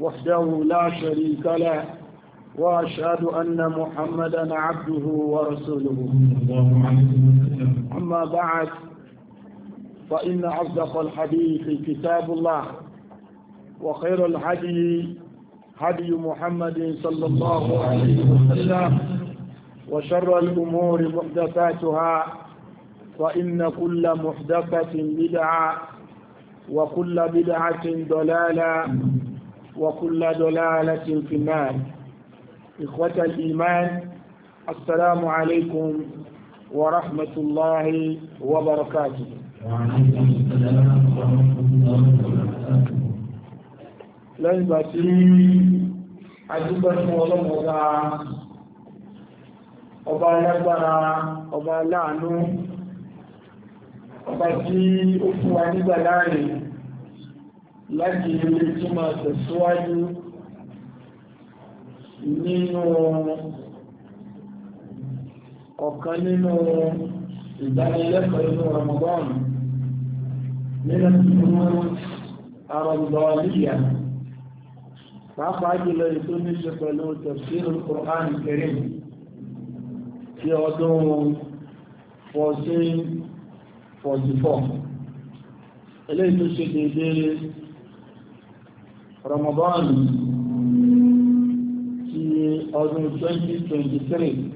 وحده لا شريك له وأشهد أن محمدا عبده ورسوله أما بعد فإن أصدق الحديث كتاب الله وخير الهدي هدي محمد صلى الله عليه وسلم وشر الأمور محدثاتها فإن كل محدثة بدعة وكل بدعة ضلالة وكل ضلالة في النار إخوة الإيمان السلام عليكم ورحمة الله وبركاته وعليكم السلام ورحمة الله وبركاته لن بسيط adúgbò fún ọlọ́mọ ọba ọba alágbára ọba aláàánú ọba tí láti ilé tí máa tẹ̀síwájú nínú ọ̀kan nínú ìdánilẹ́kọ̀ọ́ inú Ramadan nínú ìlú arọ̀gbọ̀ọ́lìyà pàápàá jùlọ ètò ní ṣe pẹ̀lú tafsir Qur'an Karim tí ọdún 1444 eléyìí tó ṣe déédéé Ramadan ti ọdún 2023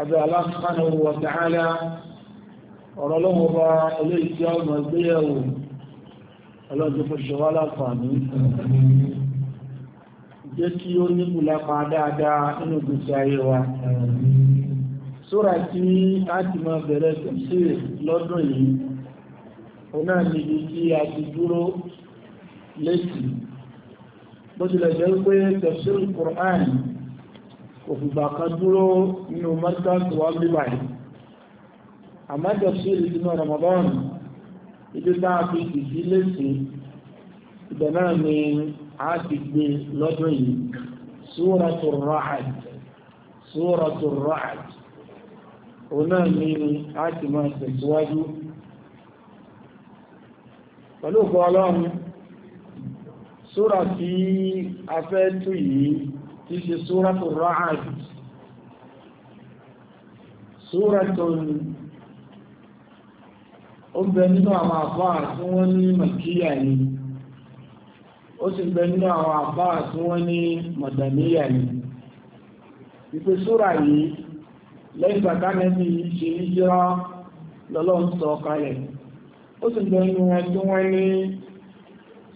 abẹ́ Allah subhanahu wa ta'ala ọ̀rọ̀ lọ́wọ́ bá ilé ìjọ ọmọ ìgbéyàwó ọlọ́dún fún ṣe wá láǹfààní jẹ́ kí ó níbù lápá dáadáa nínú gbèsè ayé wa bó tilẹ̀ jẹ́ pé tafsir Qur'an kò fìgbà kan dúró nínú mọ́tà tó wá bí báyìí àmọ́ tafsir ìdínà Ramadan ibi tá a fi ìdí lẹ́sì ibẹ̀ náà ni a ti gbé lọ́dún yìí Suratu Ra'd Suratu Ra'd òun náà ni a ti máa tẹ̀síwájú pẹ̀lú ọ̀pọ̀ ọlọ́run súra fi a yìí tí ṣe súra tó ra'ad súra tó ní ó bẹ nínú àwọn àfáà tí wọ́n ní màkíyà ni ó sì bẹ nínú àwọn àfáà tí wọ́n ní màdàníyà ni ìpè súra yìí lẹ́yìn bàtà nẹ́bí ṣe ń jẹ́ sọ kalẹ̀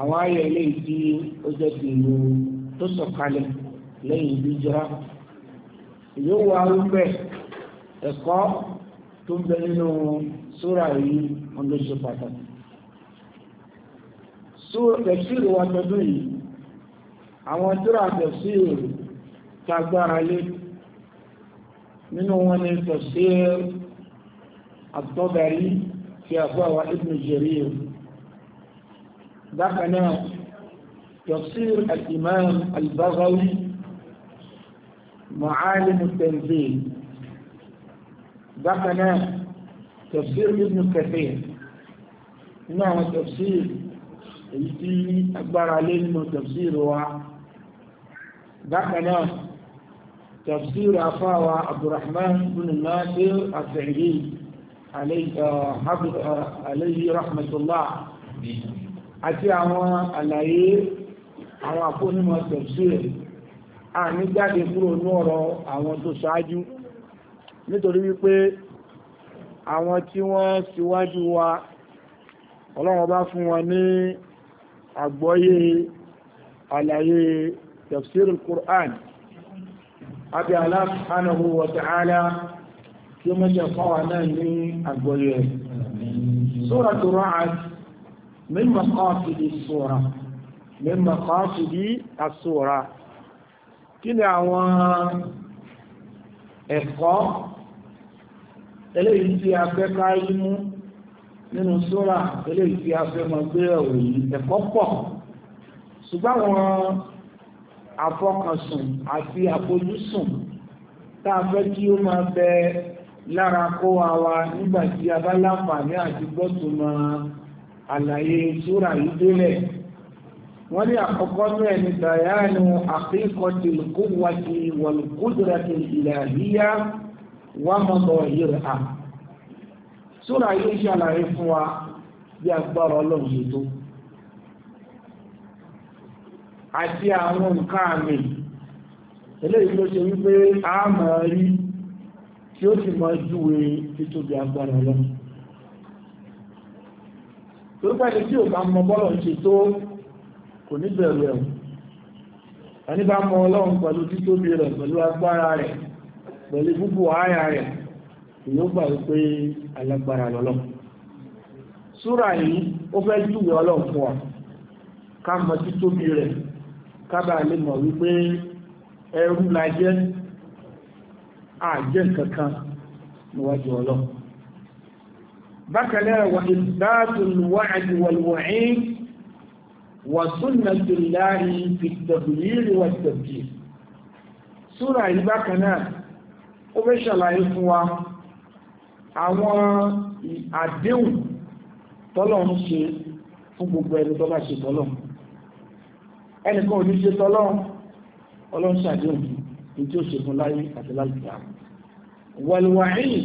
àwọn ayọ̀ eléyìí tí ó jẹ́ ti ìlú tó sọ̀kalẹ̀ lẹ́yìn ìdíjọ́ yóò wá wípẹ́ ẹ̀kọ́ tó ń bẹ nínú súra yìí wọn ló ṣe pàtàkì tẹ̀síìrì wa tọdún yìí àwọn tíra tẹ̀síìrì tagbára lé nínú wọn ni tẹ̀síìrì àtọ́bẹ̀rí tí a fọ́ àwọn Ibn Jarir دخل تفسير الإمام البغوي معالم التنزيل دخل تفسير ابن كثير نعم تفسير التي أكبر عليه من تفسير هو دخل تفسير أفا عبد الرحمن بن الناصر السعيدي عليه, آه، آه، عليه رحمة الله àti àwọn àlàyé àwọn àpónímọ̀ tẹ̀síẹ̀ a ní jáde kúrò ní ọ̀rọ̀ àwọn tó ṣáájú nítorí wípé àwọn tí wọ́n síwájú wa ọlọ́run bá fún wọn ní àgbọ́yé àlàyé tafsir al-Qur'an àbí Allah subhanahu wa kí ó mẹ́jẹ̀ fáwà náà ní àgbọ́yé Suratu Ra'd من مقاصد الصورة من مقاصد الصورة kí ni àwọn ẹ̀kọ́ eléyìí tí a fẹ́ káyí mú nínú sóra eléyìí tí a fẹ́ mọ̀ gbé ẹ̀wò yìí ẹ̀kọ́ pọ̀ ṣùgbọ́n àwọn àfọkànsùn àti àfojúsùn tá a fẹ́ kí ó máa bẹ lára kó wa wa nígbà tí a bá láǹfààní àti gbọ́tùmọ̀ àlàyé súra yìí délẹ̀ wọ́n ní àkọ́kọ́ náà ní bayanu àkíkọ̀tì kúwàtì wọ̀lùkúdùrẹ̀tì ìlàhíyá wàmọ̀bọ̀ yìí à súra yìí ṣàlàyé fún wa bí agbára ọlọ́run yìí tó àti àwọn nǹkan àmì eléyìí ló ṣe wípé a mọ̀ rí tí ó sì mọ̀ júwe títóbi agbára ọlọ́run torípé ẹni tí ò bá mọ bọ́lọ̀ ń ṣe tó kò ní bẹ̀rù ẹ̀wù ẹni bá mọ ọlọ́run pẹ̀lú títóbi rẹ̀ pẹ̀lú agbára rẹ̀ pẹ̀lú búbu ààyà rẹ̀ èyí ó gbà wípé alágbára lọ́lọ́run súrà yìí ó fẹ́ júwe ọlọ́run fún wa ká mọ títóbi rẹ̀ ká bàa lè mọ̀ wípé ẹrú la jẹ́ àjẹ́ kankan níwájú ọlọ́run bákanáà wà ìbáàtùn wáàdì wàlwàáyìn wà súnà tìláàrí ìtàbílì wà tàbí súnà yìí bákanáà ó fẹ́ ṣàlàyé fún wa àwọn àdéhùn tọ́lọ̀ ń ṣe fún gbogbo ẹni tó bá ṣe tọ́lọ̀ ẹnìkan ò ní ṣe tọ́lọ̀ ọlọ́ṣàdéhùn ní tí ó ṣe fún láyé àti láìpẹ́ wàlwàáyìn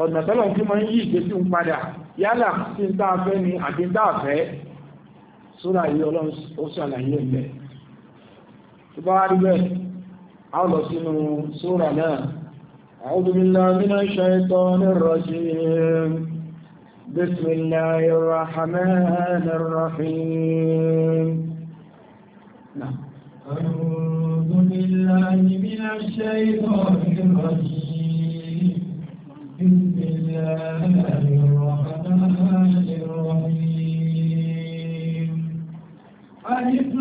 ọ̀nà tọ́lọ̀ tí ma ń yí ìgbésí ń padà yálà tí ń dáa fẹ́ ni àti ń dáa fẹ́ sóra yìí ọlọ́run ó ṣàlàyé ẹ̀mẹ́ tó bá rí bẹ́ẹ̀ a lọ sínú sóra أعوذ بالله من الشيطان الرجيم بسم الله الرحمن الرحيم ألف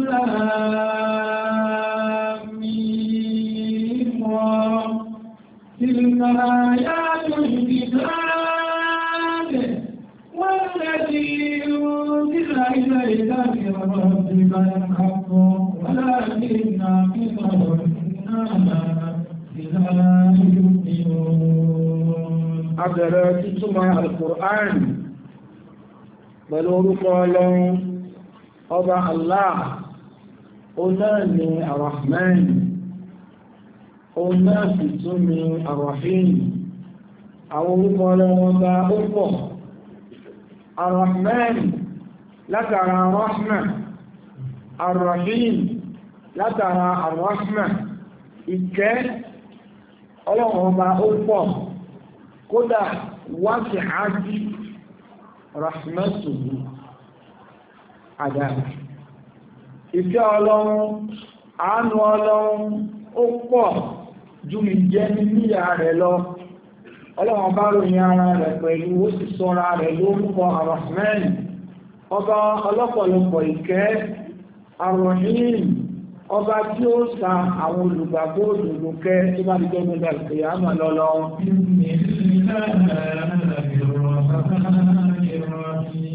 تلك آيات الكتاب والذي أنزل إليك من ربك الحق bẹ̀rẹ̀ títúmọ̀ alukur'an pẹ̀lú orúkọ ọlọ́run ọba allah onáàni arahman onáàfi tún ni arahim àwọn orúkọ ọlọ́run ọba ó pọ̀ arahman látara arahman arahim látara arahman ìkẹ́ ọlọ́run ọba ó pọ̀ kódà wáṣì ájí rahmatuhu àdára ìfẹ́ ọlọ́run àánú ọlọ́run ó pọ̀ ju mi jẹ́ níyà rẹ̀ lọ ọlọ́run bá ròyìn ara rẹ̀ pẹ̀lú ó sì sọ́ra rẹ̀ lórúkọ arahman ọba ọlọ́pọ̀lọpọ̀ ìkẹ́ arọ̀hìn ọba tí ó sa àwọn olùgbàgbọ́ òdòdó kẹ́ tó bá dìjọ́ mẹ́ta ìpèyà mọ̀ lọ́lọ́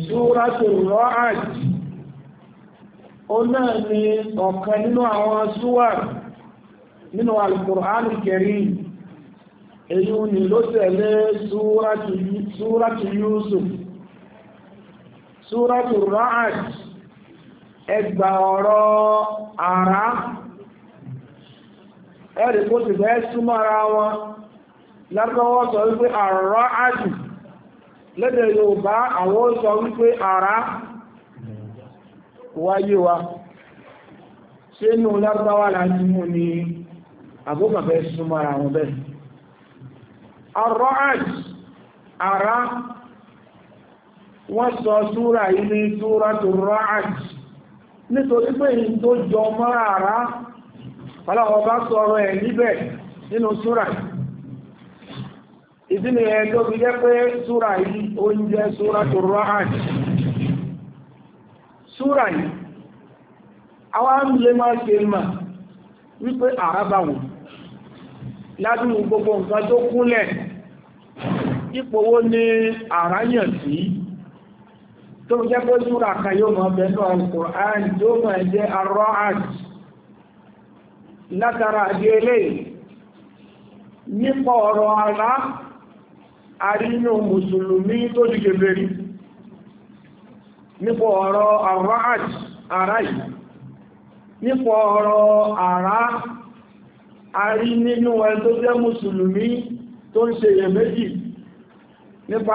Súrátù Ra'ad ó náà ni ọ̀kan nínú àwọn súwà nínú Al-Qur'an èyí ni ló tẹ̀lé Súrátù Yusuf Súrátù Ra'ad ẹgbà ọ̀rọ̀ ara, ẹ̀rì kó ti fẹ́ ara, wọn lágbọ́wọ́ sọ wípé àrọ̀ ájù lédè Yorùbá àwọn sọ wípé àrá wáyé wa ṣe inú lágbáwà láti mú ni àgbókàfẹ́ ara wọn bẹ́ẹ̀ àrọ̀ ájù àrá wọ́n sọ nítorí pé èyí tó jọ mọ́ra ara ọlọ́wọ́ bá sọ̀rọ̀ ẹ̀ níbẹ̀ nínú súra ìdí ni ẹ̀ tó fi jẹ́ pé súra yìí oúnjẹ súra tó rọ́hàn súra yìí àwọn lè máa ṣe mà wípé gbogbo nǹkan tó ni sí tó jẹ́ pé súra kan yóò mọ̀ bẹ̀rẹ̀ al-Qur'an yóò mọ̀ jẹ́ ar-ra'd látara àdíélé nípa ọ̀rọ̀ àlá àrínú mùsùlùmí tó dìde bèrí nípa ọ̀rọ̀ ara yìí nípa ọ̀rọ̀ ara àrí nínú ẹ tó jẹ́ mùsùlùmí tó ń nípa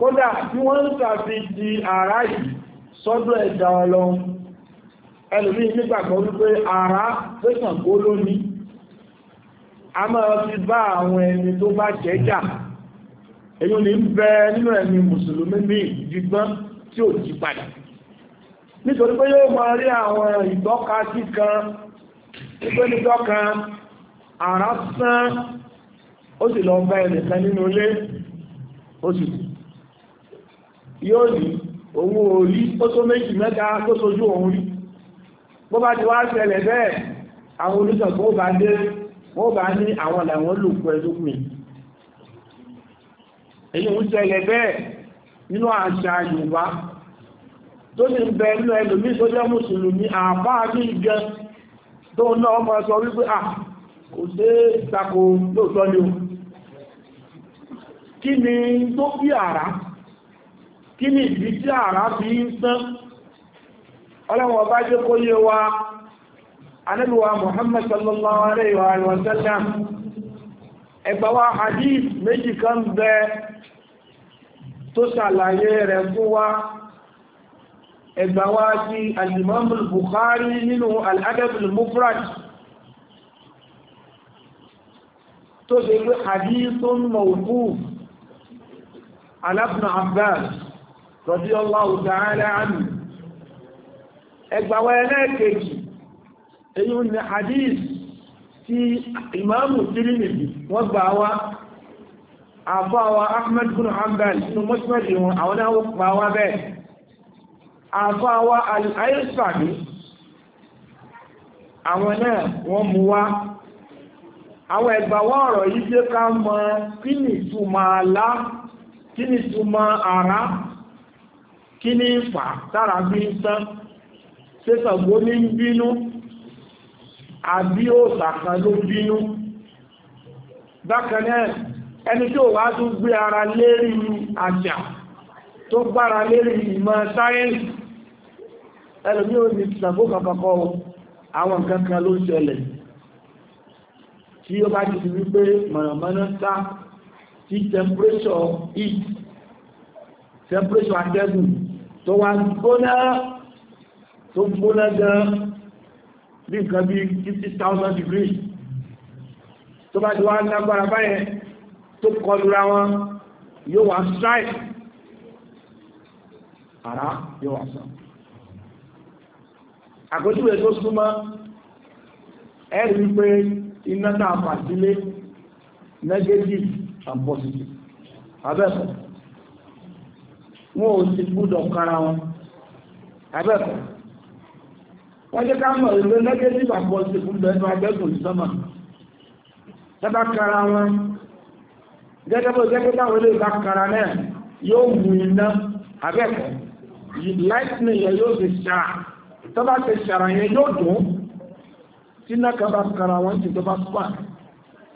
kódà bí wọ́n ń sàfi di ara yìí sọ́dọ̀ ẹ̀dà ọlọ́run ẹlùmí nígbàgbọ́ wípé ara fẹ́sàn kó lóní a máa fi bá àwọn ẹni tó bá jẹ́jà èyí ni ń bẹ nínú ẹ̀mí mùsùlùmí ní ìdígbọ́n tí ò jí padà nítorí pé yóò máa rí àwọn ìtọ́ka sí kan wípé nítọ́ka ara sán ó sì lọ bá ẹnìkan nínú ilé ó sì kú yóò ní òun ò rí ó tó méjì mẹ́ta tó sojú òun rí bó bá ti wá ṣẹlẹ̀ bẹ́ẹ̀ àwọn olùsọ̀kọ́ ó bá dé wọ́n bá ní àwọn làwọn lòkú ẹlógún èyí ń ṣẹlẹ̀ bẹ́ẹ̀ nínú àṣà Yorùbá tó ní bẹ inú ẹlòmí tó jẹ́ mùsùlùmí àbáà ní ìgẹ tó náà ọmọ sọ wípé à kò sí tako lóòtọ́ ni o kí ni tó bí àrá kí ni ìdí tí àrá fi ń sán ọlọ́wọ́ bá jẹ́ kó yé wa anẹ́lúwa Muhammad sallallahu alaihi wa sallam ẹgbàwà hadith méjì kan bẹ tó ṣàlàyé rẹ̀ fún wa ẹgbàwà ti alimamul Bukhari nínú al'adabul mufrad tó ṣe pé hadithun mawquf ala ibn rọ̀bí ọláwù tààrà àmì ẹgbàwẹ́ ẹlẹ́ẹ̀kejì èyí ni hadith tí ìmáàmù Tirmidhi wọ́n gbà wá àfáwà Ahmad bin Hanbal nínú mọ́sílẹ̀ wọn àwọn náà gbà wá bẹ́ẹ̀ àfáwà al-Aisani àwọn náà wọ́n mú wá àwọn ẹgbàwọ́ ọ̀rọ̀ yìí ká kí ni ìtumọ̀ àlá kí ni ìtumọ̀ àrá kí ní fà tára bí ń tán ṣé Ṣàngó ní ń bínú àbí òòṣà kan ló bínú bákan náà ẹni tí ò wá tún gbé ara lérí àṣà tó gbára lérí ìmọ̀ sáyẹ́ǹsì ẹlòmí ò ní Ṣàngó kàkàkọ́ àwọn nǹkan ló ṣẹlẹ̀ tí ó bá ti wípé mọ̀nàmọ́ná sá tí temperature heat temperature atẹ́gùn tó wá gbóná tó gbóná gan bí nǹkan bí 50,000 degrees tó bá ti wá lágbára báyẹn tó kọlura wọn yóò wá strike ara yóò wá sàn àgbójúwẹ̀ tó súnmọ́ ẹ̀rí wípé iná náà fà sílé negative and positive abẹ́fẹ́ wọn ò sì gbúdọ̀ kára wọn abẹ́kọ̀ọ́ wọ́n jẹ́ ká mọ̀ ìlú negative and positive lẹ́nu abẹ́kùn sọ́mà tẹ́bá kára wọn gẹ́gẹ́ bó jẹ́ pé táwọn ilé ìbá kára náà yóò wù iná abẹ́kọ̀ọ́ lightning yẹn yóò fi ṣàrà tọ́bá ti ṣàrà yẹn yóò dùn tí náà kan bá kára wọn ti tọ́bá pa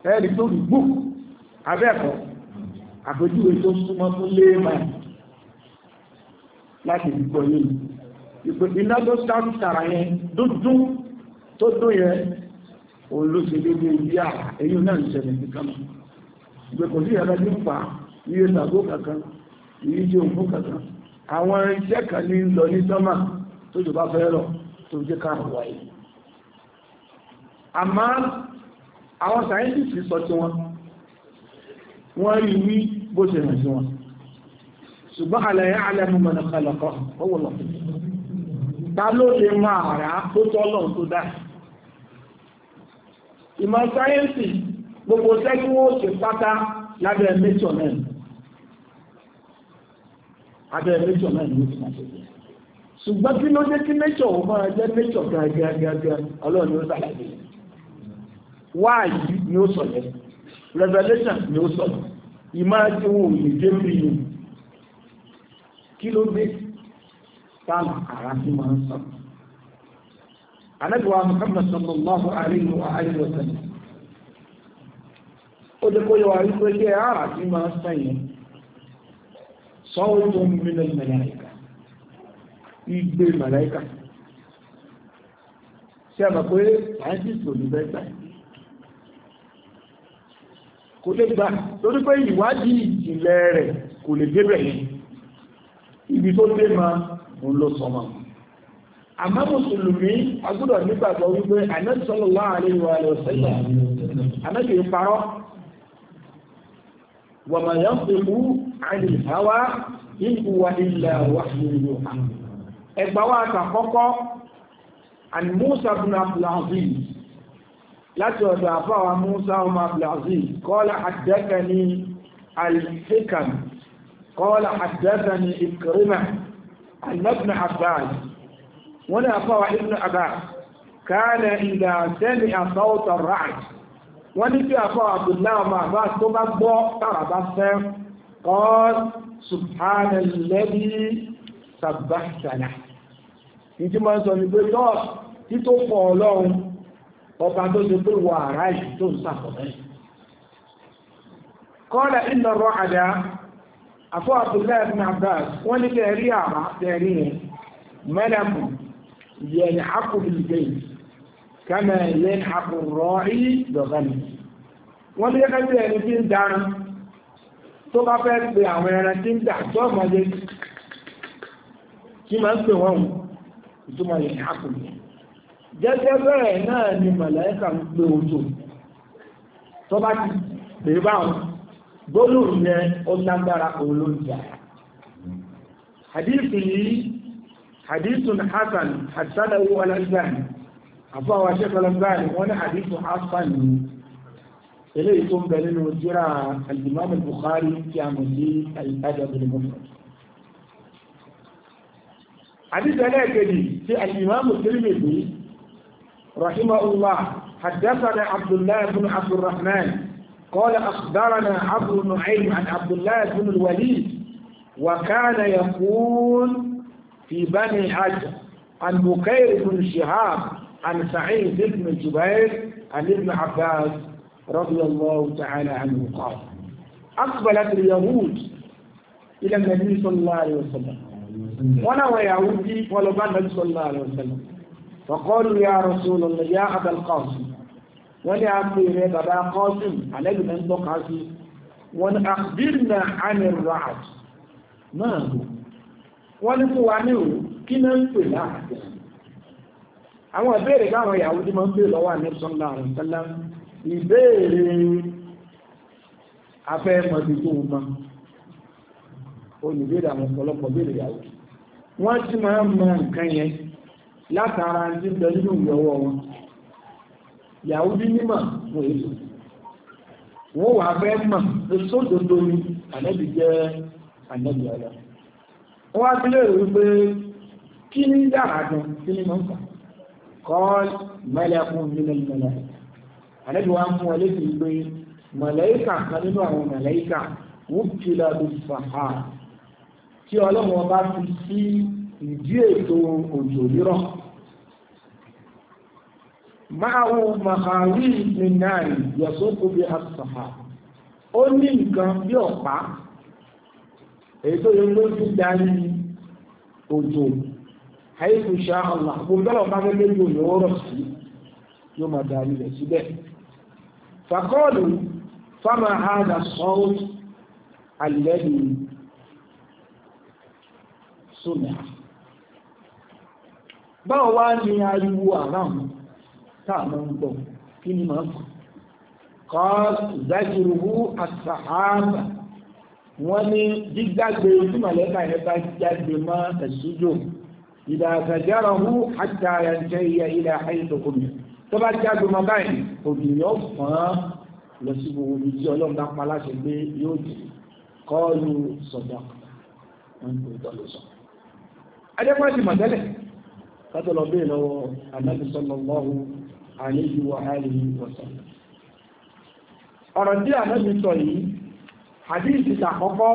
ẹ̀ẹ́dì tó dùn gbù abẹ́kọ̀ọ́ àpèjúwe tó súnmọ́ fún léèmọ̀ láti gbogbo yìí ìpè iná tó sáàrù sàrà yẹn dúdú tó dún yẹn òun ló ṣe dédé ibi à èyí náà ń ṣẹlẹ̀ nìkan ìpè kò sí ẹ̀rọ ní pa iye tàbó kankan iye jẹ òǹkó kankan àwọn iṣẹ́ kan ní lọ ní sọ́mà tó jù bá fẹ́ rọ̀ tó jẹ́ ká wáyé àmọ́ àwọn sáyẹ́ntìsì sọ tí wọn wọ́n rí ṣùgbọ́n àlẹ́ àlẹ́mú mọ̀nà kọlọ̀kọ́ owó lọ. ta ló lè máa rà á tó tọ́lọ̀ tó dá. ìmọ̀ sáyẹ́ǹsì gbogbo sẹ́yìn wọ́n ṣe pátá lábẹ́ mẹ́tọ̀ náà abẹ́ mẹ́tọ̀ náà ni ó ti máa ṣe bẹ́ẹ̀. ṣùgbọ́n kí ló dé kí mẹ́tọ̀ ò máa jẹ́ mẹ́tọ̀ gàgàgàgà ọlọ́run ni ó ṣàlàyé. wáàyí ni ó sọ̀rọ̀ revelation ni ó sọ̀rọ̀ ìmáàjì wo òyìnbó mi yìí kí ló dé táwọn ará tí wọ́n ń sọ. Ànábìwá Muhammad sallallahu alayhi wa alayhi wa sallam. Ó jẹ́ tí wọ́n ń sọ yẹn. Sọ́wọ́n tó ń bí lọ mẹ̀láìkà. Igbe mẹ̀láìkà. Ṣé àmà pé sáyẹ́ntìsì ò ní Kò lè gbà pé ìwádìí ìjìnlẹ̀ rẹ̀ kò lè ibi tó dé ma ń ló sọmọ àmọ́ mùsùlùmí agbọ́dọ̀ nígbàgbọ́ wípé Ànábì sallallahu alaihi wa sallam ànábì parọ́ wa ma yanṭiqu 'anil hawa in huwa illa wahyun yuha ẹgbà wa àtàkọ́kọ́ an Musa ibn Abdul Aziz láti ọ̀dọ̀ àfáwà Musa ibn Abdul Aziz qala haddathani al-Hikam قال حدثني إكرمة أن ابن عباس ولا قوى ابن عباس كان إذا سمع صوت الرعد ونجي أقوى عبد الله ما عباس تبقى ترى قال سبحان الذي سبحتنا ìdí máa ń sọ ní pé lọ́ọ̀ tí tó pọ̀ ọlọ́run ọba tó ṣe àfọ́ Abdullahi ibn Abbas wọ́n ní tẹ̀rí àmà tẹ̀rí yẹn mẹ́lẹ̀mù yẹn àkùnlùgbé kẹ́mẹ̀ yẹn àkùnrọ̀rí lọ́gánì wọ́n ní gẹ́gẹ́ bí ẹni tí ń dára tó bá fẹ́ pe àwọn ẹran tí ń dà tó gbólóhùn yẹn ó lágbára olóòjà hadithi yìí hadithun hasan hasanahu alazani àfọwọ́ aṣẹ́kọ̀lọ́gbàni wọ́n ní hadithun hasan yìí eléyìí tó ń bẹ nínú jíra al-imam al-bukhari tí a mọ̀ sí al-adab al-mufrad hadith ẹlẹ́ẹ̀kejì tí al-imam rahimahullah حدثنا عبد الله بن عبد الرحمن قال أخبرنا عبد النعيم عن عبد الله بن الوليد وكان يقول في بني عجل عن بكير بن شهاب عن سعيد بن جبير عن ابن عباس رضي الله تعالى عنه قال أقبلت اليهود إلى النبي صلى الله عليه وسلم وأنا ويهودي ولو النبي صلى الله عليه وسلم فقالوا يا رسول الله يا أبا القاسم wọ́n ní àpò rẹ̀ bàbá kọ́sùn alẹ́gbẹ̀ẹ́ ń tọ́ka sí wọ́n ní àbírìnà àmì ràd náà wọ́n ní fún wa ní òun kí náà ń pè láàrín àwọn ìbéèrè káwọn ìyàwó tí máa ń pè lọ́wọ́ àmẹ́sàn láàrín tẹ́lá yàwó bí mímọ̀ fún èso wọ́n wà fẹ́ mọ̀ èso dodo ni ànẹ́bì jẹ́ ànẹ́bì ọ̀lọ́ wọ́n wá sílẹ̀ wípé kí ní dára gan kí ní mọ̀ ń fà kọ́ọ̀lì mẹ́lẹ́kùn nílẹ̀ mẹ́lẹ́ ànẹ́bì wa mú ọ létí pé mọ̀lẹ́yíkà kan nínú àwọn mọ̀lẹ́yíkà wọ́n ti lọ bí fàhà tí ọlọ́run ọba fi sí ìdí ètò òjò rírọ̀ máàwó mahari minari yọ̀sókò bí asọ̀há ó ní nǹkan bí ọ̀pá èyí tó ló fi darí òjò àìkùsà ọ̀là gbogbo bá gẹ́gẹ́ bí òyìn ó rọ̀ sí yóò máa darí rẹ̀ síbẹ̀ fàkọ́ọ̀lù fáma hàdà sọ́ọ́ àlẹ́lì sùnà báwo wá ní ariwo táàmù ń gbọ́ kí ni máa kù kọ́ ìdájúrúwú àtàhàmà wọ́n ní dídágbé tí màlẹ́kà yẹn bá jáde mọ́ ẹ̀sùjò ìdàgbàjára wú àtàyànjẹ ìyá ilẹ̀ àìsàn omi tó bá jáde mọ́ báyìí obìnrin ọ̀fọ́n lọ sí gbogbo ibi tí ọlọ́run bá pa láṣẹ pé yóò àníbi wàhálì wọ̀sán ọ̀rọ̀ tí ànábì sọ yìí hadith àkọ́kọ́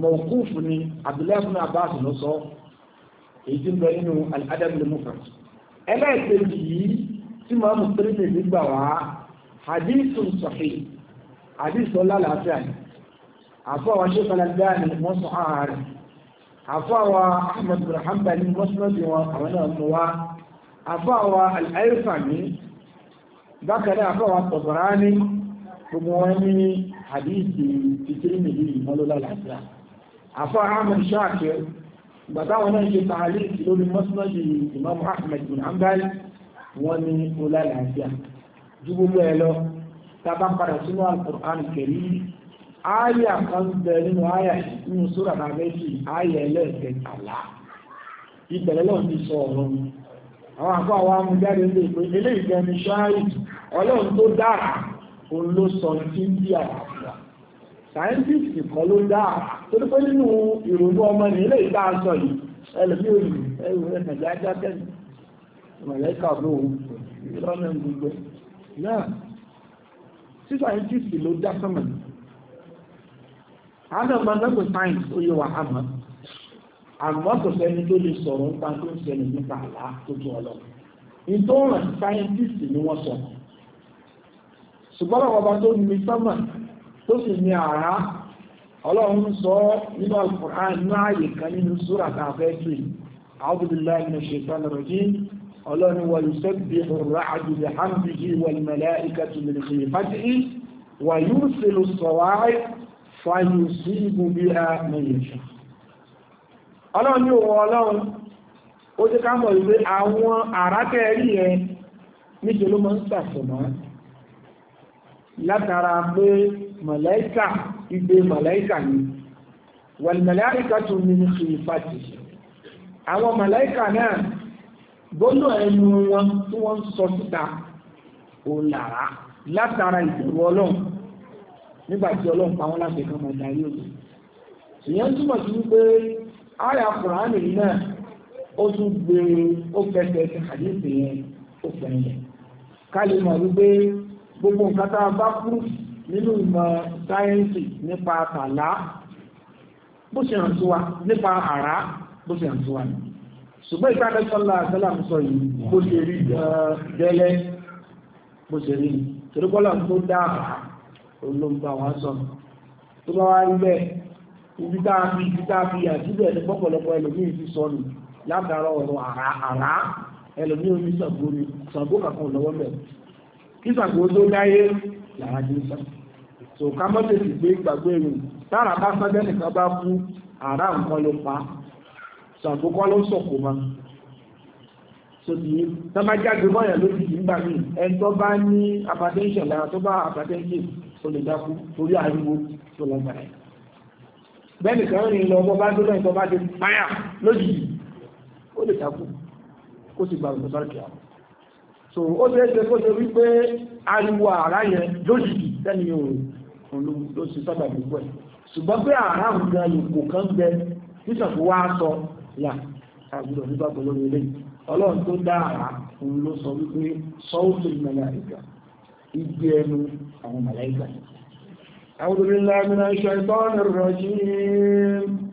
mọ̀kúfù ni Abdullahi ibn Abbas ló sọ èyí tí ń bẹ nínú al-adab al-mufrad ẹlẹ́ẹ̀kejì yìí tí máa mú pérébè nígbà wá hadithun sahih hadith ọlálàáfíà ni àfọ́ àwọn ṣe kọlọ̀dá ni wọn àwọn náà mú àfáwà al'aifani bákanáà àfáwà tọ̀bọ̀rání gbogbo wọn ní hadithi tìtìrìmìlì ìmọ́lọ́lá lásìá àfáwà ahmed shakir gbàtàwọn náà ṣe tààlì lórí mọ́sánàjì imam ahmed bin hanbal wọn ní ọlá lásìá ju gbogbo ẹ lọ ìbẹ̀rẹ̀ lọ́ọ̀ ti ọ̀rọ̀ mi àwọn àpá àwọn amújáde ń lè pé ilé ìgbẹ̀mí ṣáàrì ọlọ́run tó dára òun ló sọ tí ń bí àlàáfíà sáyẹ́ntìsì kan ló dáa tó ní pé nínú ìrònú ọmọ ní ilé ìta sọ yìí ẹlòmí òyìn ẹrù ẹ̀mẹ̀jẹ̀ ajá tẹ̀lé mọ̀lẹ́kà ló lọ́nà gbogbo náà tí sáyẹ́ntìsì ló dá sọ́mọ̀ ní. àádọ́ náà kò sáyẹ́ntì ó yẹ wà àmọ́ kò sẹ́ni tó lè sọ̀rọ̀ nípa tó ń ṣẹlẹ̀ nípa àlá tó tún ọlọ́ nítorí sáyẹ́ntìsì ni wọ́n sọ ṣùgbọ́n àwọn ọba tó ní sọ́mà tó sì ní àrá ọlọ́run sọ nínú al ní ààyè kan nínú súrà káfẹ́ tù A'udhu ọlọ́run ní òun ọlọ́run ó jẹ́ ká mọ̀ wípé àwọn àrákẹ́rí yẹn níṣẹ́ ló máa ń sàfùmọ́ látara pé màláíkà igbe màláíkà ni wàlìmàláíkà tún ní fi ìfàtì àwọn màláíkà náà gbọ́dọ̀ ẹnu wọn tí wọ́n ń sọ síta òun làrá látara ìbẹ̀rù ọlọ́run nígbà tí ọlọ́run pa wọ́n láti kan máa darí òun ìyẹn túmọ̀ sí wípé àyà kùránì náà ó tún gbé ó fẹsẹ̀ ti hadith yẹn ó fẹ̀yìn ká lè mọ̀ wípé gbogbo nǹkan tá a bá kú nínú ìmọ̀ sáyẹ́ǹsì nípa tàlá bó ṣe hàn sí wa nípa àrá bó ṣe hàn sí wa nìyí ṣùgbọ́n ìpàdé sọ́lá àtàlàmù sọ yìí bó ṣe rí gẹ́lẹ́ bó ṣe rí torípọ́lá tó dáàbà olóńgbà wọn sọ tó bá wá rí bẹ́ẹ̀ ibi tá a fi ibi tá a fi yà síbẹ̀ ní pọ́pọ̀lọpọ̀ ẹlòmíì ti sọ nù látara ọ̀rọ̀ àrá àrá ẹlòmíì omi Ṣàngó ni Ṣàngó lọ́wọ́ mẹ́ kí Ṣàngó tó láyé làrá ti ń so ká mọ́ tètè gbé gbàgbé rìn tára bá sábẹ́ nìkan bá kú àrá nǹkan ló pa Ṣàngó kọ́ ló sọ̀kò ma sóbìyí tó bá jáde bọ́yà lójú nígbà míì ẹni tó bá ní hypertension lára tó bá hypertension tó lè dákú torí ariwo tó lọ́gbà ẹ̀ bẹ́ẹ̀ni kan rìn lọ ọmọ bá tó lẹ́yìn tó bá ti páyà lójijì ó lè takú ó sì gba òṣìṣẹ́ kìá so ó ṣe é ṣe kó ṣe wípé ariwo àrá yẹn lójijì sẹ́ni òun ló ṣe sábà gbogbo ẹ̀ ṣùgbọ́n pé àrá nǹkan lòkò kan gbẹ nísàkó wá sọ yà أعوذ بالله من الشيطان الرجيم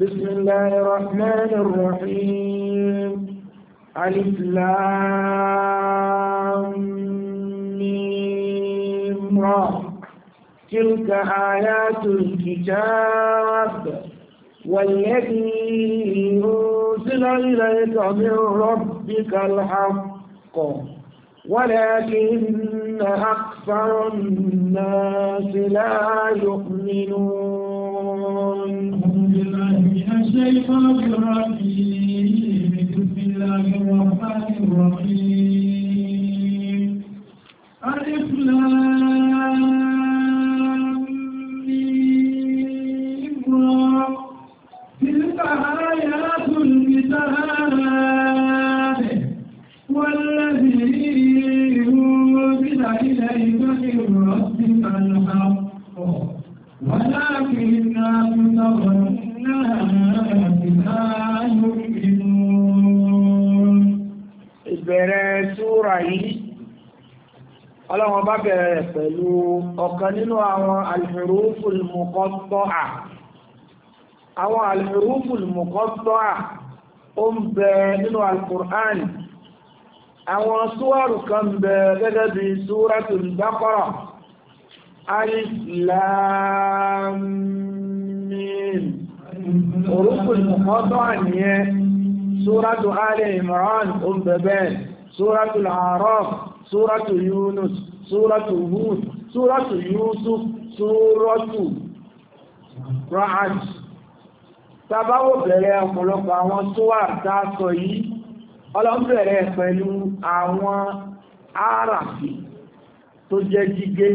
بسم الله الرحمن الرحيم ألف لام را تلك آيات الكتاب والذي أنزل إليك من ربك الحق ولكن أكثر الناس لا يؤمنون أعوذ بالله من الشيطان الرجيم بسم الله الرحمن الرحيم الإسلام لربك الحق ولكن أكثر الناس لا يؤمنون ìbẹ̀rẹ̀ súra yìí ọlọ́wọ́n bá bẹ̀rẹ̀ rẹ̀ pẹ̀lú ọ̀kan nínú àwọn alhuruful muqatta'a àwọn alhuruful muqatta'a ó ń bẹ nínú alkùránì àwọn súwárù kan bẹ gẹ́gẹ́ bí súratul Baqara alif lam mim orúkùn mọ́tọ́ àníyẹ súratù Ali Imran ó bẹ Yunus Yusuf tàbáwò bẹ̀rẹ̀ ọ̀pọ̀lọpọ̀ àwọn súwárù tá ọlọ́bẹ̀rẹ̀ pẹ̀lú àwọn àràfí tó jẹ́ jígé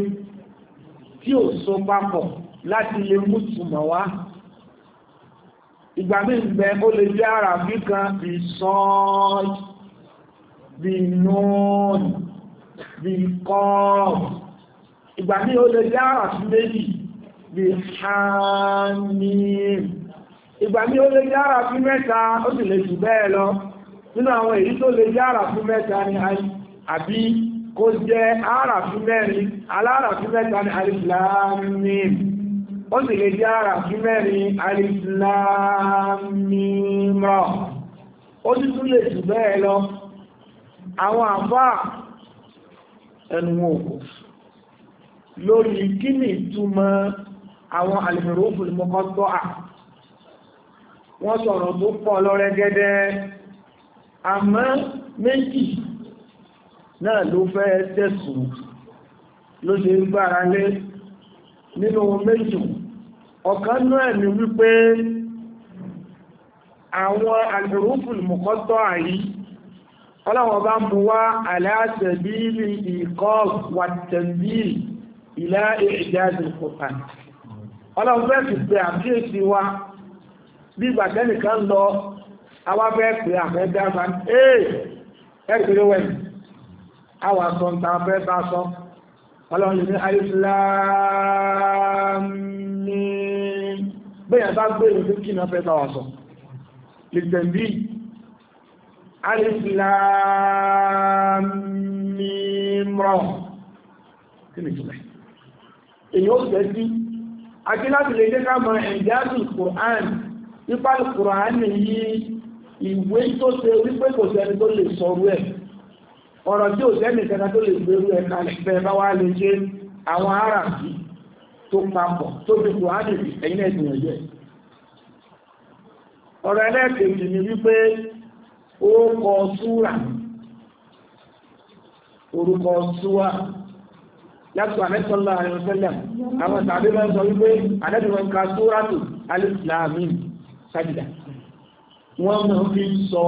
tí ò so papọ̀ láti lè mú túmọ̀ wá ìgbà ìgbẹ́ ó lè jẹ́ àràfí kan bí sọ́ọ̀d bí nùn bí kọ́ọ̀f ìgbà mí ó lè jẹ́ àràfí méjì bí hàmìm ìgbà mí ó lè jẹ́ àràfí mẹ́ta ó sì lè jù bẹ́ẹ̀ lọ nínú àwọn èyí tó lè jẹ́ fún mẹ́ta ni àbí kó jẹ́ àràfún mẹ́rin mẹ́ta ni alif ó sì lè jẹ́ fún mẹ́rin alif lam ó sì tún lè jù bẹ́ẹ̀ lọ àwọn àfáà ẹnu òkú lórí kí ni ìtumọ̀ àwọn alìmọ̀rọ̀ àmọ́ méjì náà ló fẹ́ tẹ̀sùn ló ṣe ń gbára lé nínú méjì ọ̀kan náà ni wípé àwọn àlùrúfùn mọ̀kọ́tọ̀ àyí ọlọ́wọ̀n bá mú wá aláṣẹ̀bílì ìkọ́ wàtẹ̀bí ilá ìjáde fòkàn ọlọ́wọ̀n fẹ́ fi pé àkíyèsí wa bí gbàtẹ́nìkan lọ àwa fẹ́ pè àfẹ́ dáná ee ẹ̀rí wẹ̀ àwa sọ nta fẹ́ bá sọ ọlọ́run ní àìsíláàmì bẹ́yà bá gbé ìlú kí náà fẹ́ bá wà sọ lìtẹ̀mbí àìsíláàmì mọ́ kí ni ìtumẹ̀ èyí ó fẹ́ sí àti láti lè jẹ́ ká mọ ẹ̀jáàdù kùrán nípa kùrán nìyí ìwé tó ṣe wípé kò sẹ́ni tó lè sọrú ẹ̀ ọ̀rọ̀ tí ò sẹ́ni kẹta tó lè gbérú ẹ̀ kalẹ̀ fẹ́ bá wá lè ṣe àwọn ará sí tó papọ̀ tó fi kò á nìyí ẹ̀yìn ẹ̀sìn ẹ̀yẹ ọ̀rọ̀ ẹlẹ́ẹ̀kejì ni wípé ó kọ súra orúkọ súra yàtọ̀ àmẹ́sọ́lá àyọ̀sẹ́lẹ̀ àwọn tàbí máa ń sọ wípé àdẹ́bìmọ̀ ń ka súra tó alìsìláàmì wọ́n máa fi ń sọ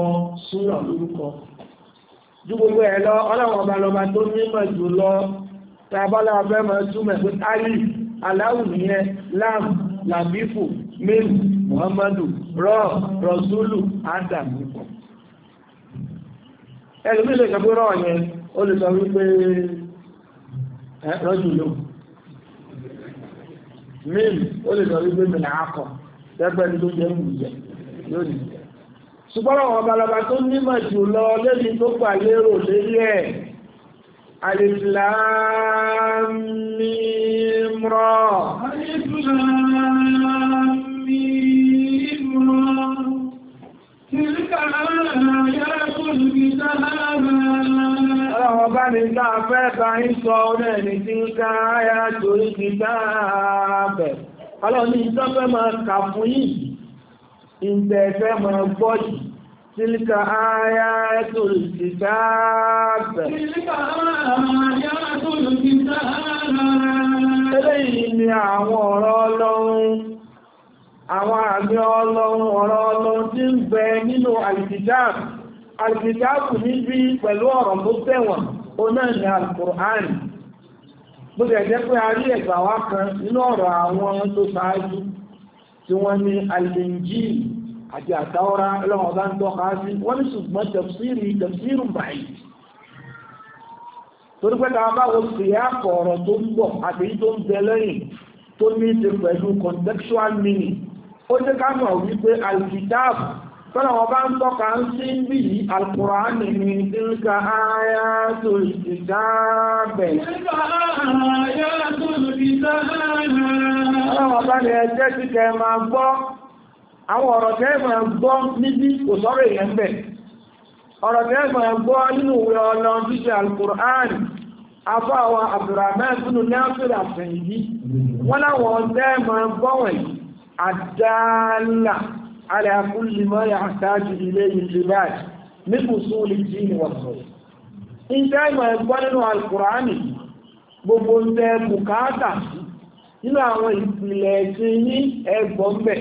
súrà lórúkọ ju gbogbo ẹ̀ lọ ọlọ́wọ́n ọba lọba tó nímọ̀ jù lọ tàbálà ọbẹ̀ máa túmọ̀ pé ali aláwù nìyẹn lam labifu mim muhammadu rọ adam ẹlùmí lè yẹn ṣùgbọ́n àwọn ọbalọba tó nímọ̀ jù lọ lẹ́bi tó gbà lérò lérí ẹ̀ Alif Lam Mim Ra Alif Lam Mim Ra Tilka ayatul kitaba Ọlọ́run ọba ní ká fẹ́ ta ń sọ ọ̀rẹ́ ní tilka ayatul kitaba ìtẹ̀fẹ́ mọ̀ gbọ́ yìí Tilka ayatul kitab. Tilka ayatul ni àwọn ọ̀rọ̀ ọlọ́run, àwọn àmì ọlọ́run ọ̀rọ̀ ọlọ́run ń bẹ nínú níbi pẹ̀lú ọ̀rọ̀ tó tẹ̀wọ̀n, Bó jẹ́ jẹ́ pé a rí ẹ̀gbà wá kan nínú ọ̀rọ̀ àwọn tó ṣáájú. tí wọ́n ní al-Injil àti àtàwọ́rá ọlọ́wọ́n bá ń tọ́ka sí wọ́n ní ṣùgbọ́n tafsiri tafsiru báyìí torí pé ta bá wo sèyá kọ̀ọ̀rọ̀ tó ń bọ̀ àti èyí tó ń bẹ lẹ́yìn tó ní ṣe pẹ̀lú contextual meaning ó jẹ́ ká mọ̀ wípé al-Kitab bá ń tọ́ka ń sí bí al-Qur'ani ní tilka ayatul kitab ọlọ́wọ́ bá ní ẹjẹ́ tí kẹ máa gbọ́ àwọn ọ̀rọ̀ tẹ́ máa gbọ́ níbi kò sọ́rọ̀ èèyàn bẹ̀ ọ̀rọ̀ tẹ́ máa gbọ́ nínú ìwé ọlọ́run títí alukur'an afáwa abdulrahman ni wọ́n sọ ìjẹ́ ìmọ̀ ẹ̀gbọ́n nínú alukur'ani gbogbo ń tẹ́ bùkátà nínú àwọn ìpìlẹ̀ ẹ̀sìn ní ẹgbọ́n bẹ̀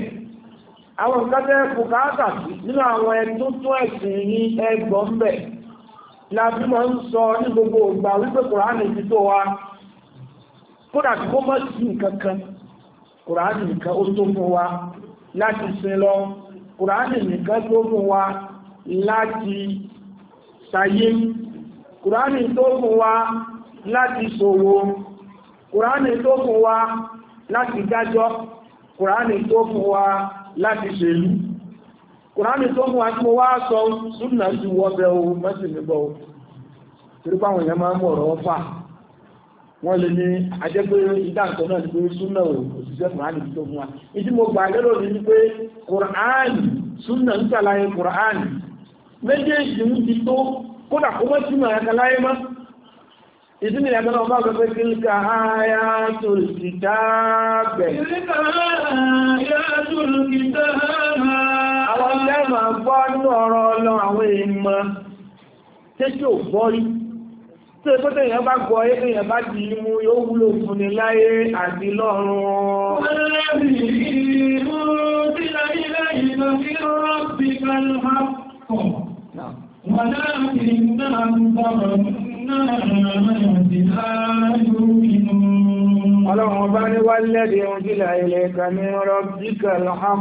àwọn kẹtẹ́ bùkátà sí nínú àwọn ẹtúntún ẹ̀sìn ní ẹgbọ́n bẹ̀ la ń sọ ní gbogbo wípé kùránì ti tó wa kó sí nǹkan kan kùránì nìkan ó tó fún wa láti sin lọ kùránì tó fún wa láti sayé kùránì tó fún wa láti ṣòwò kùránì tó fún wa láti dájọ́ kùránì tó fún wa láti ṣèlú kùránì tó fún wa tí mo wá sọ súnà sí o mẹ́sì nígbọ́ o èèyàn máa ń mọ̀ wọ́n lè ní ajẹ́gbé ìdáǹtọ́ náà ní pé súnà òṣìṣẹ́ wa ìdí mo gbà lérò ní wípé kùránì súnà ń tàlàyé kùránì méjèèjì ń ti tó kódà kó mọ́ ìdí ni ẹgbẹ́ ọba gbẹ́gbẹ́ tí ń ka ààyà tó ìsìta bẹ̀. àwọn ilẹ̀ máa gbọ́ ní ọ̀rọ̀ ọlọ àwọn èèmọ̀ tẹ́jú ò gbọ́ rí tí ó tẹ́ èèyàn bá gbọ́ èèyàn bá di imú yóò wúlò fún ni láyé àti lọ́run Wọ́n láti ní Ọlọ́run ọba ní wá lẹ́dẹ̀ ohun tí là ilẹ̀ ìkàmí rọ jíkà lọ́hán.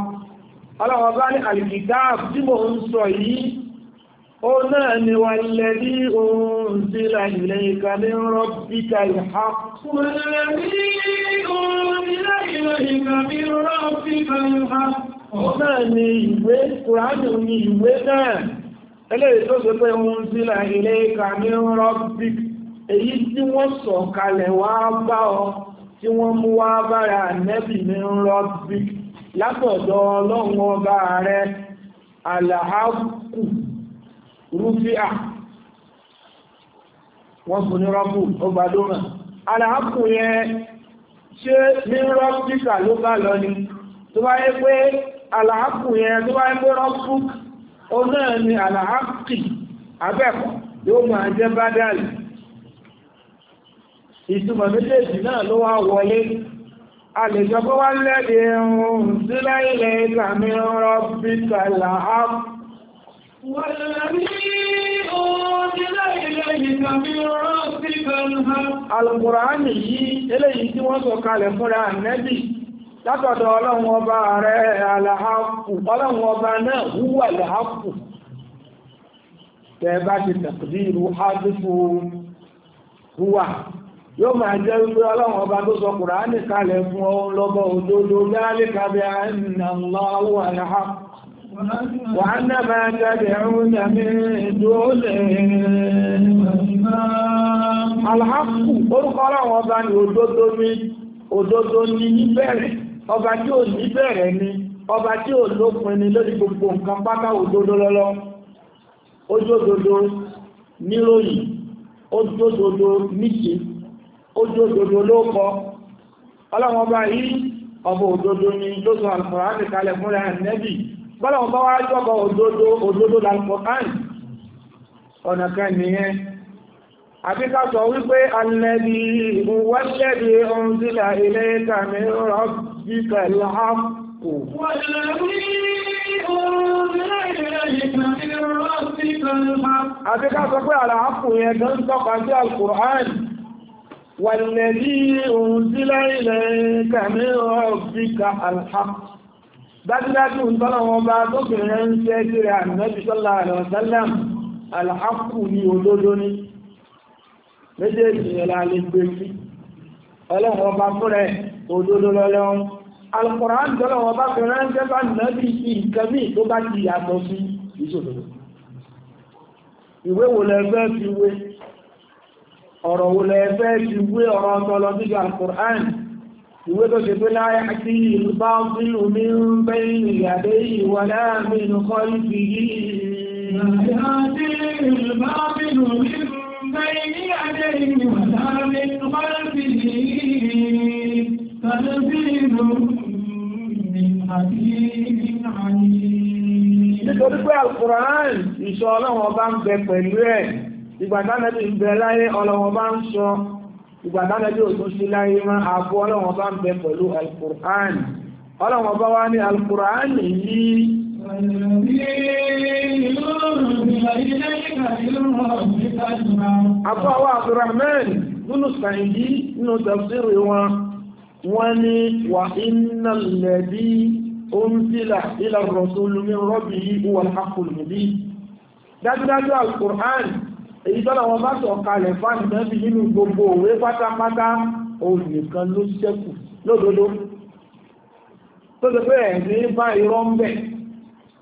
Ọlọ́run ọba ní alìkìtáàf tí mò ń sọ yìí, ó náà ni wá lẹ́dí ohun tí là ilẹ̀ ìkàmí rọ jíkà lọ́hán. Wọ́n Ó náà ni ìwé, Kùránì ni ìwé náà eléyìí tó ṣe pé wọ́n sí là ilé kàmí rọ́bì èyí tí wọ́n sọ kalẹ̀ wá bá ọ tí wọ́n mú wá bára nẹ́bì ní rọ́bì látọ̀dọ̀ ọlọ́run ọba rẹ̀ àlàákù rúfíà wọ́n fún ní rọ́bù ó gbadúrà àlàákù yẹn ṣé ní rọ́bì kà ló bá lọ ni tó bá yẹ pé àlàákù yẹn tó bá yẹ pé rọ́bùkù ó náà ni àlàáfì abẹ́kọ̀ yóò máa jẹ́ bádàlì ìtumọ̀ méjèèjì náà ló wá wọlé àlèjọpọ̀ wá lẹ́dẹ̀ ẹ̀rùn sílẹ̀ ilẹ̀ ìtàmì ọ̀rọ̀ pítà làáp wọ́n lẹ́rí látọ̀dọ̀ ọlọ́run ọba rẹ̀ aláhàpù ọlọ́run ọba náà wúwà aláhàpù tẹ́ẹ̀bá ti tẹ̀kìdí ìlú hádùfù wúwà yóò máa jẹ́ wípé ọlọ́run ọba tó sọ Kùránì kalẹ̀ fún ọ lọ́bọ̀ òdodo ọba tí ò ní bẹ̀rẹ̀ ni ọba tí ò lópin ni lórí gbogbo nǹkan pátá òdodo lọ́lọ́ ojódodo níròyìn ojódodo níṣe ojódodo ló kọ ọlọ́run ọba ọba òdodo ni ló sọ àlùkùránì kalẹ̀ fúnra nẹ́bì bọ́lọ́run bá wá jọ́kọ̀ òdodo òdodo làlùkùránì ọ̀nà kan àbí ká sọ wípé alẹ́bí ìwọ́lẹ́bí ohun sílẹ̀ ilé ìtàmì rọ́bí pẹ̀lú àpò àbí ká sọ pé àlàáfò yẹn gan ń tọ́ka sí alkùrán wàlẹ́bí ohun sílẹ̀ ilé ìtàmì rọ́bí dájúdájú ìtọ́lọ̀wọ́n bá tókèrè ń ṣẹ́ jẹ́rẹ̀ àmì mẹ́bí sọ́lá àlọ́sálàm alhaqu ni òdodo ni méjèèjì yẹn la lè gbé sí ọlọ́run ọba fúnra ẹ̀ òdodo lọ́lọ́run alukọ̀rán tọ́lọ̀ ọba fẹ́ràn ń tẹ́fà nàbí sí nǹkan míì tó bá ti yàtọ̀ sí ìṣòdodo ìwé wo lẹ fẹ́ fi wé ọ̀rọ̀ wo lẹ fẹ́ fi wé ọ̀rọ̀ tọ́lọ sí alukọ̀rán ìwé tó ṣe pé láyé àti ìlúbá bílù mi ń bẹ́ ìyàdé ìwà láàmì nǹkan ìfìyí. Ìyàdé ìlúbá bílù mi ń بين يديه ولا من خلفه تنزيل من حكيم عليم nítorí pé alukuraan ìṣọ́ ọlọ́wọ́n bá ń bẹ pẹ̀lú ẹ̀ ìgbàdánẹ́bí ń bẹ láyé ọlọ́wọ́n bá ń sọ ìgbàdánẹ́bí òtún sí láyé máa àbú ọlọ́wọ́n bá ń bẹ pẹ̀lú alukuraan ọlọ́wọ́n bá wá ní alukuraan yìí Àfáwà Abdurrahman nínú Sàìdí nínú tafsiri wọn, wọ́n ni wà iná lẹ̀bí oúnjẹ́lá ilẹ̀ rọ̀sọ́lù min rọ́bì yìí wà lákùnrin bí. Dájúdájú Al-Qur'an, èyí tọ́lá wọn bá sọ kalẹ̀ fánìtẹ́bì nínú gbogbo òwe pátápátá, òun nìkan ló ṣẹ́kù lódodo. Tó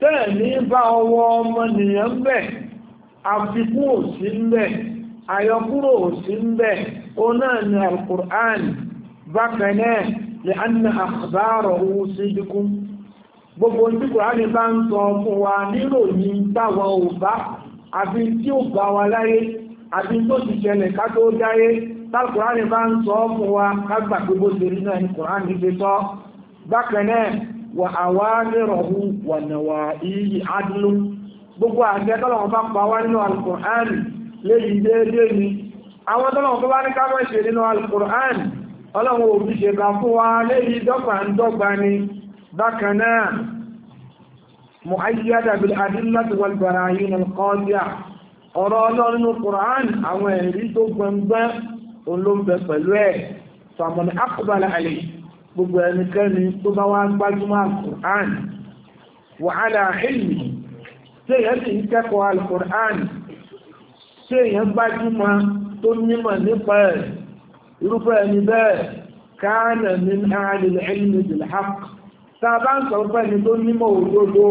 tẹ́ẹ̀ ní bá ọwọ́ ọmọnìyàn bẹ̀ àfikún ò sí ń bẹ̀ àyọkúrò ò sí ń bẹ̀ ó náà ni alukur'an bákan náà ni a ní àkàbárọ̀ owó sí díkún gbogbo tí kùránì bá ń sọ fún wa nílò ní táwọn ò bá àfi tí ò bá wa láyé àfi tó ti ṣẹlẹ̀ ká tó dáyé tálùkùránì bá ń sọ fún wa ká gbà bó ṣe rí náà ni kùránì ṣe sọ bákan wà àwárẹ̀rọ̀hù wà nàwà ìyí adìlú gbogbo àṣẹ tọ́lọ̀wọ̀n bá pa wá nínú alkùnránì léyìí déédéé ni àwọn tọ́lọ̀wọ̀n tó bá ní ká mọ́ṣe nínú alkùnránì ọlọ́run òbí ṣe bá fún wa léyìí dọ́gba ń dọ́gba ni gbogbo ẹnikẹ́ni tó bá wá gbájúmọ́ alkùnrán wàhálà ìlú tí èyàn sì ń kẹ́kọ̀ọ́ alkùnrán tí èyàn gbájúmọ́ tó nímọ̀ nípa ẹ̀ irúfẹ́ ẹni bẹ́ẹ̀ káànà ní ààrẹ ìlú ìdìlhaq tá a bá ń sọ fẹ́ ni tó nímọ̀ òdodo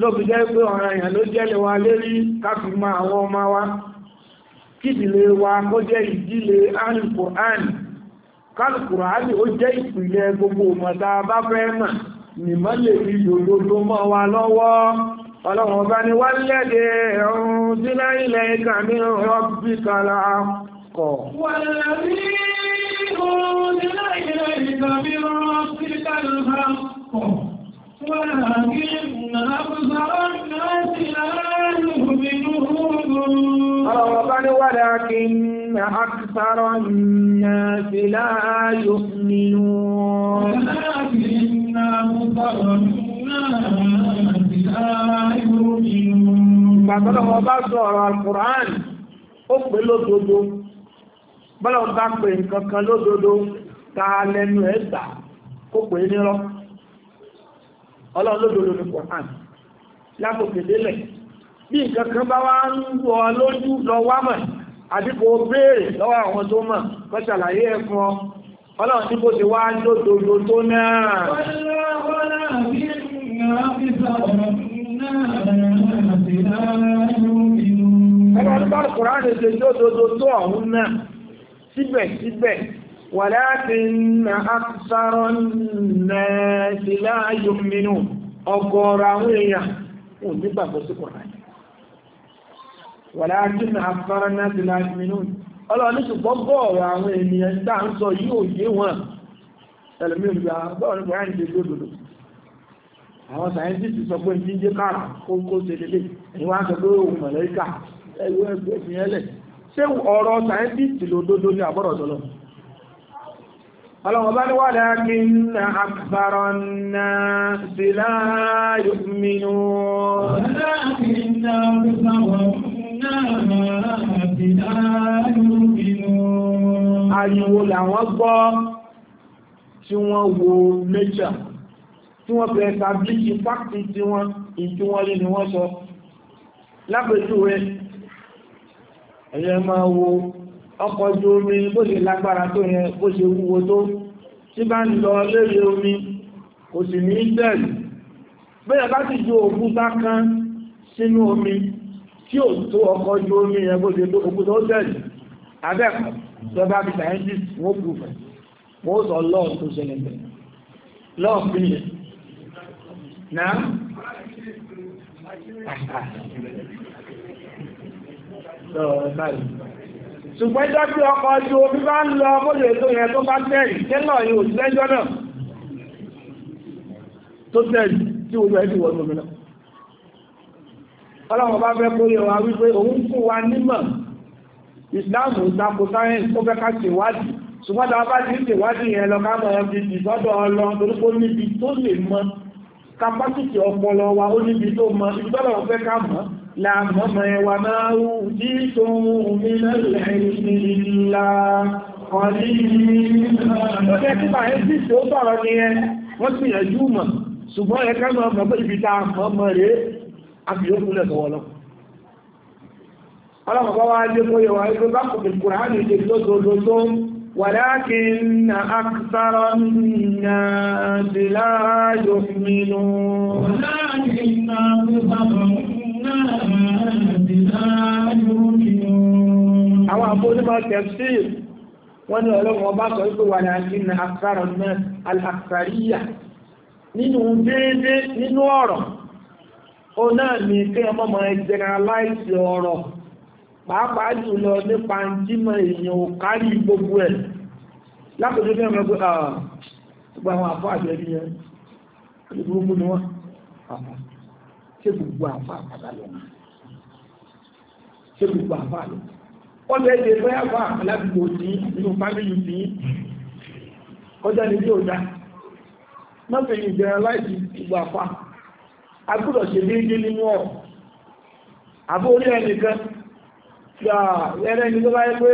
ló fi jẹ́ pé ọ̀rọ̀ èèyàn ló jẹ́lẹ̀ wa lérí káfí ma àwọn ọmọ wa kídìlé wa kó jẹ́ ìdílé alìkùrán kálùkùrán ó jẹ́ ìpìlẹ̀ gbogbo mọ̀ta bá fẹ́ lè fi mọ́ wa lọ́wọ́ ولكن أبصر الناس لا يؤمنون ربنا ولكن أكثر الناس لا يؤمنون ولكن أبصر الناس لا يؤمنون Bàbá ọmọ bá sọ ọ̀rọ̀ Al-Qur'an, ó pè lódodo, bọ́lọ̀ bá pè nǹkan kan lódodo, ta lẹ́nu ẹ̀ta, ó pè nírọ́ ọlọ́lọ́dọ̀lọ́ ní Quran lápòkèdélẹ̀ bí nǹkan kan bá wá ń wọ lójú lọ wá mọ̀ àdípò béèrè lọ́wọ́ àwọn tó mọ̀ kọ́ṣàlàyé ẹ̀fún ọ ọlọ́run tí kò ti wá lódòdó tó náà ẹgbẹ́ ọdún bá Quran ṣe lódòdó tó ọ̀hún náà síbẹ̀síbẹ̀ ولكن أكثر الناس لا يؤمنون ọ̀gọ̀rọ̀ àwọn ahụ ò ولكن أكثر الناس لا يؤمنون ọlọ́ni ṣùgbọ́n gọ́ọ̀rọ̀ àwọn ènìyàn ń sọ yíò yé wọn ẹlẹ́mí ìgbà bọ́ọ̀rọ̀ ní Kùránì ṣe gbódòdó àwọn sàyẹ́ntìsì sọ pé ní jẹ́ ṣe wá ń sọ ọlọ́wọ́ bá ní wà láàkí ní àbárọ̀ náà sí láàáyò mínú àyíwò làwọn gbọ́ tí wọ́n wo mẹ́jà tí wọ́n bẹ̀rẹ̀ tàbíkì fáktì tí wọ́n ìtí wọ́n rí ni wọ́n sọ lápẹ̀jú rẹ̀ ẹ̀yẹ máa wo ọkọ̀ ojú omi bó ṣe lágbára tó yẹn bó ṣe wúwo tó tí bá ń lọ lérí omi kò sì ní bẹ̀rù bẹ́ẹ̀ bá ti ju òkúta kan sínú omi tí ò tó ọkọ̀ ojú omi yẹn bó ṣe tó òkúta ó bẹ̀rù abẹ́kọ̀ lọ́ba bí scientist wọ́n kú fẹ̀ wọ́n sọ lọ́ọ̀ tó ṣẹlẹ̀ bẹ̀rẹ̀ lọ́ọ̀ pínlẹ̀ náà Sọ̀rọ̀ báyìí ṣùgbọ́n jọ́ pé ọkọ̀ ojú omi bá ń lọ mọ́lẹ̀ tó yẹn tó bá tẹ́rì tẹ́lọ̀ yóò lẹ́jọ́ náà tó tẹ́rì tí ojú ẹ̀dì wọ́n lómi náà ọlọ́run bá fẹ́ kó yẹ wa wípé òun fún wa nímọ̀ ìsìláàmù ìtako sáyẹ́ǹsì ó fẹ́ ká ṣèwádìí ṣùgbọ́n tá a bá ti ń ṣèwádìí yẹn lọ káàmọ̀ ẹ̀ fi ìsọ́dọ̀ ọlọ torí pé ó níbi tó lè mọ kapásítì ọpọlọ wa ó níbi tó mọ ibi tọ́lọ̀ fẹ́ ká mọ̀ láàmọ́mọ́ ẹwà máa rú tí tó omi lẹ́lẹ̀ ìlà ọ̀lẹ́ ìlú Ọlọ́pàá wá lé kó yẹwà ẹgbẹ́ bá kò kìkùrà ní ìdè lóòdòdó ولكن أكثر الناس لا يؤمنون ولكن أكثر àwọn àbó onímọ̀ tẹ̀síì wọ́n ní ọlọ́run ọba sọ wípé wà láti ní àkàrọ̀ náà alàkàríyà nínú déédé nínú ọ̀rọ̀ ó náà ní kí ọmọ mọ̀ generalize ọ̀rọ̀ pàápàá jùlọ nípa jímọ̀ èèyàn ò kárí gbogbo ẹ̀ lápòjú fẹ́ mọ̀ pé ah, ṣé gbogbo àfa àpàdà lọ ṣé gbogbo àfa lọ ọjọ́ èdè fẹ́ àfa aládùúgbò tí nínú fámìlì tí kọjá ní bí ó dá mọ́fẹ́ yìí jẹ́ láìsí gbogbo àfa agbọ́dọ̀ ṣe déédéé nínú ọ̀rọ̀ àbó orí ẹnìkan tí a ẹrẹ́ ní tó bá yẹ pé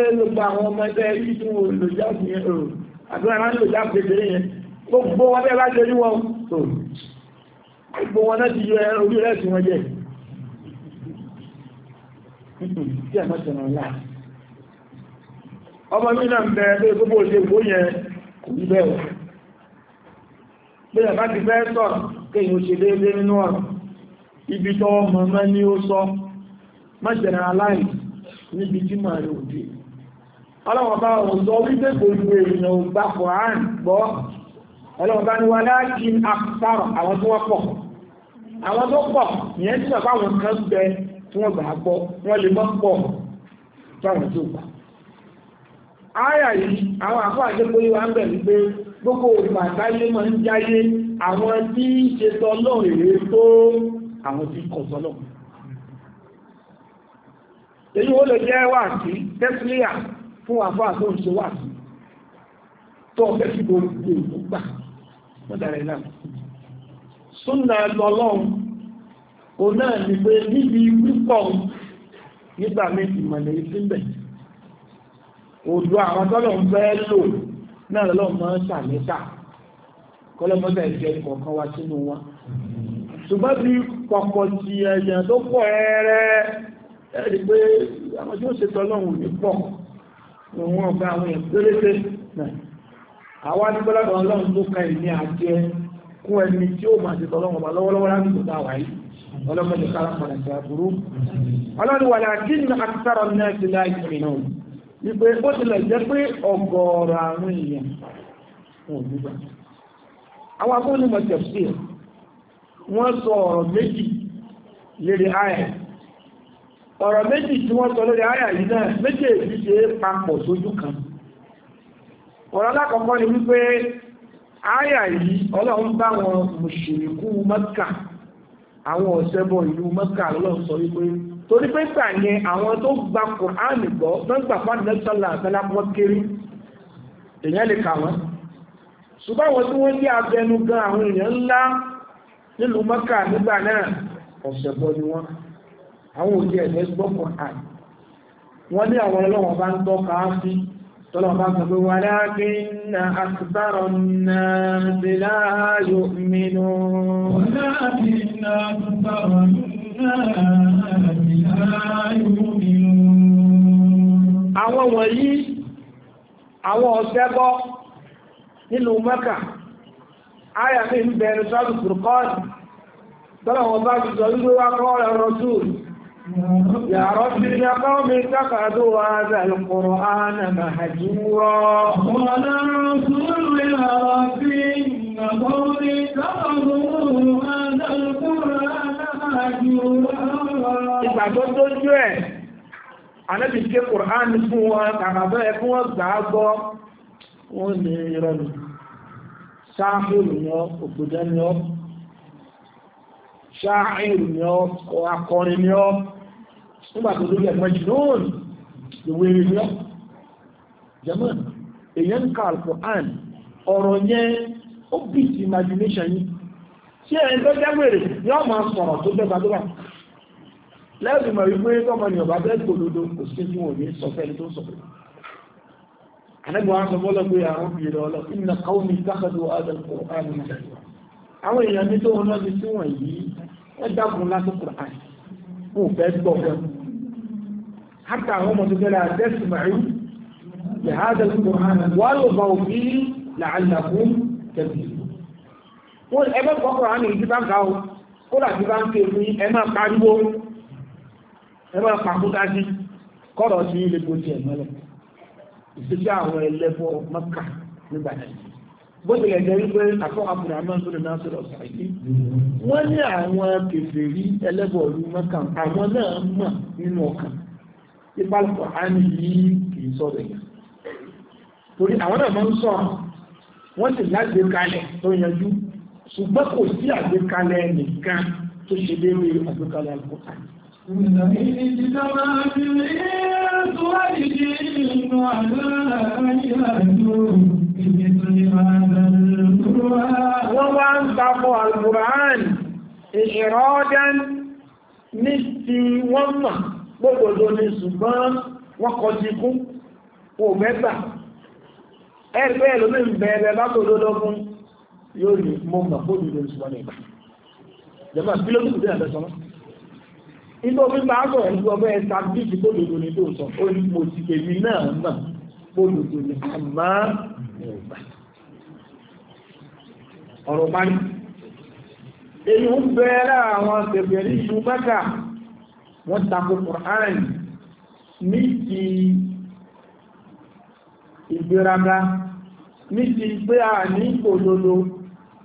àwọn ọmọ ẹgbẹ́ yìí tún olùjáde yẹn àbí wọn máa ń lò jáde yẹn gbogbo wọn bẹ́ẹ̀ bá ṣe rí wọn gbogbo wọn náà ti yọ orí rẹ̀ tí wọ́n jẹ́ tí a mọ́sàn ọ̀la ọmọ mi náà ń bẹ̀rẹ̀ pé gbogbo òṣè ìwò yẹn kò ní bẹ̀rẹ̀ bí ẹ̀bá ti fẹ́ sọ kéyìn òṣè déédéé nínú ọ̀rọ̀ ibi tọ́ ọmọ mẹ́ ní ó sọ má generalize níbi tí màá rẹ̀ òdì ọlọ́wọ́n bá ọ̀sọ́ wípé kò ju èèyàn gbà fọ̀ àrùn gbọ́ ọlọ́wọ́n bá ní wa láti àpárọ̀ àwọn tí wọ́n pọ̀ àwọn tó pọ̀ yẹn tí wọ́n fáwọn kan bẹ tí wọ́n gbà gbọ́ wọ́n lè mọ́ pọ̀ fáwọn tó gbà áyà yìí àwọn àfọ́ àjẹ́kóyí wa ń bẹ̀ wípé gbogbo ògbà táyé mọ́ ń jáyé àwọn tí ṣe tọ́lọ́ èrè tó àwọn tí kọ̀ tọ́lọ́ èyí ó lè jẹ́ wà sí tẹ́sílíà fún àfọ́ àtọ́ ìṣe sí tó ọ̀fẹ́ sí gbogbo ìgbà wọ́n dára ìlànà súnà lọ́lọ́run o náà ní pé níbi pípọ̀ nígbà méjì mọ̀lẹ̀ síbẹ̀ òdò àwọn tọ́lọ̀ ń fẹ́ lò náà lọ́lọ́run máa ń sàmẹ́ta kọ́lọ́mọ́tà ìjẹ́ kọ̀ọ̀kan wá sínú wọn ṣùgbọ́n bí pọ̀pọ̀ ti ẹ̀yàn tó pọ̀ ẹ̀rẹ́ ẹ̀rí pé àwọn tí ó ṣe tọ́lọ́run ní pọ̀ kún ẹni tí ó máa ṣètò ọlọ́wọ́ bá lọ́wọ́lọ́wọ́ láti tó táwà yìí ọlọ́mọdé kára padà sí àbúrú ọlọ́run wà láti ní akitara náà ti láì pè náà wípé ó tilẹ̀ jẹ́ pé ọgọ́rọ̀ àrùn èèyàn wọn ò nígbà àwọn akónímọ̀ tẹ̀sí wọ́n sọ ọ̀rọ̀ méjì lérí àyà ọ̀rọ̀ méjì tí wọ́n sọ lórí àyà yìí náà méjèèjì ṣe papọ̀ sójú kan ọ̀rọ̀ alákọ̀ọ́kọ́ ni wípé áyà yìí ọlọ́run bá wọn mùṣìríkù mọ́kà àwọn ọ̀ṣẹbọ ìlú mọ́kà lọ́lọ́run sọ wípé torí pé gbà yẹn àwọn tó gba kùránì gbọ́ tó ń gbà fáwọn nẹ́sọ̀lá àtàlà wọn kéré èèyàn lè kà wọ́n ṣùgbọ́n àwọn tí wọ́n jẹ́ abẹnu gan àwọn èèyàn ńlá nílùú mọ́kà nígbà náà ọ̀ṣẹbọ ni wọ́n àwọn òjì ẹ̀dẹ́ gbọ́ kùránì wọ́n ní àwọn ọlọ́wọ́n bá ń tọ́ka á sí tọ́lọ̀bá sọ pé wà láàrin na àkùbárọ̀ na sílá yóò mìnú àwọn wọ̀nyí àwọn ọ̀sẹ́gbọ́ nínú Mẹ́kà ayàfin bẹ̀rẹ̀ sọ́dún kùrùkọ́ọ̀dì tọ́lọ̀wọ̀n bá jùsọ̀ wíwá kọ́ ọ̀rọ̀ rọ̀súùlù يا رب يا قوم اتخذوا هذا القرآن مهجورا ولا رسول يا ربي إن قومي اتخذوا هذا القرآن مهجورا إذا كنت Ànábì ké Kùránì fún wọn kàràbẹ́ ẹkún wọn gbà á gbọ́ wọn ní ìrọ̀lù. Sáàmù ìrìnà òpòdẹ́ ni ọ́ ṣááìrù ni ọ́ akọrin ni ọ́ nígbà tó lórí ẹ̀mọ́ jùlọ́ọ̀nì ìwé ni ọ́ german èyàn ń ka alfọ́án ọ̀rọ̀ yẹn ó bì sí imagination yìí tí ẹ̀ ń tó jẹ́gbèrè ni ọ́ máa sọ̀rọ̀ tó dọ́gba tó wà lẹ́yìn mọ̀ wípé tọ́mọ ni ọ̀bá bẹ́ẹ̀ kò lódo kò sí tí wọ́n ní sọ fẹ́ni tó sọ fẹ́ni àlẹ́gbọ̀n wọn sọ fọ́lọ́ pé àwọn obìnrin ọlọ́ ìnà káwọn mi tákàdọ̀ àdàkọ̀ àdàkọ̀ àwọn èèyàn ní tó wọn lọ́bi tí wọ́n yìí ẹ dákun lásán kùrán kò fẹ́ gbọ́ hátà àwọn ọmọ tó fẹ́ la ha dẹ́sù kùrán wà ló bá òbí làálàkún tẹ̀sí. wọ́n ẹgbẹ́ kọ́ kùrán ìdí bá ga o kó làbí bá ń ké fún ẹ máa pariwo ẹ máa pàkúta sí kọ́rọ̀ sí ilé gbòjì ẹ̀mọ́lẹ̀ ìṣẹ́jú àwọn mọ́kà nígbà bó tilẹ̀ jẹ́ wípé akọ́ abdulrahman tó lè náà sọ̀rọ̀ ṣáìdì wọ́n ní àwọn kèfèrí ẹlẹ́bọ̀ọ́lù mọ́kàn àwọn náà mọ̀ nínú ọkàn ìpàlùkọ̀ á ní yìí kì í sọ̀rọ̀ yẹn torí àwọn náà máa ń sọ wọ́n sì lágbè kalẹ̀ tó yanjú ṣùgbọ́n kò sí àgbékalẹ̀ nìkan tó ṣe léwé àgbékalẹ̀ àgbékalẹ̀. Ìjọba ti rí ètò àdìdì ìrìnà àlọ́ àyíká Wọ́n wá ń takọ Al-Qur'an, ìṣẹ̀rọ́dán ní ti wọ́n mà gbogbo ní ṣùgbọ́n wọ́n kọ ti kú, kò mẹ́ta. Ẹgbẹ́ ẹlòmí ń bẹ̀ẹ̀rẹ̀ yóò rí mọ́ mà bóbi ní ṣùgbọ́n ìgbà. bí máa sọ ẹ̀lú ọgbẹ́ ẹ̀ta bí ti ní tó sọ, ó ní mo ti tèmi náà náà bóbi ní àmá ní ọgbà ọ̀rọ̀ parí èyí ń bẹ̀rẹ̀ àwọn tẹ̀bẹ̀rí ìlú mẹ́ta wọ́n tako Qur'an ní ti ìgbéraga ní ti pé a ní òdodo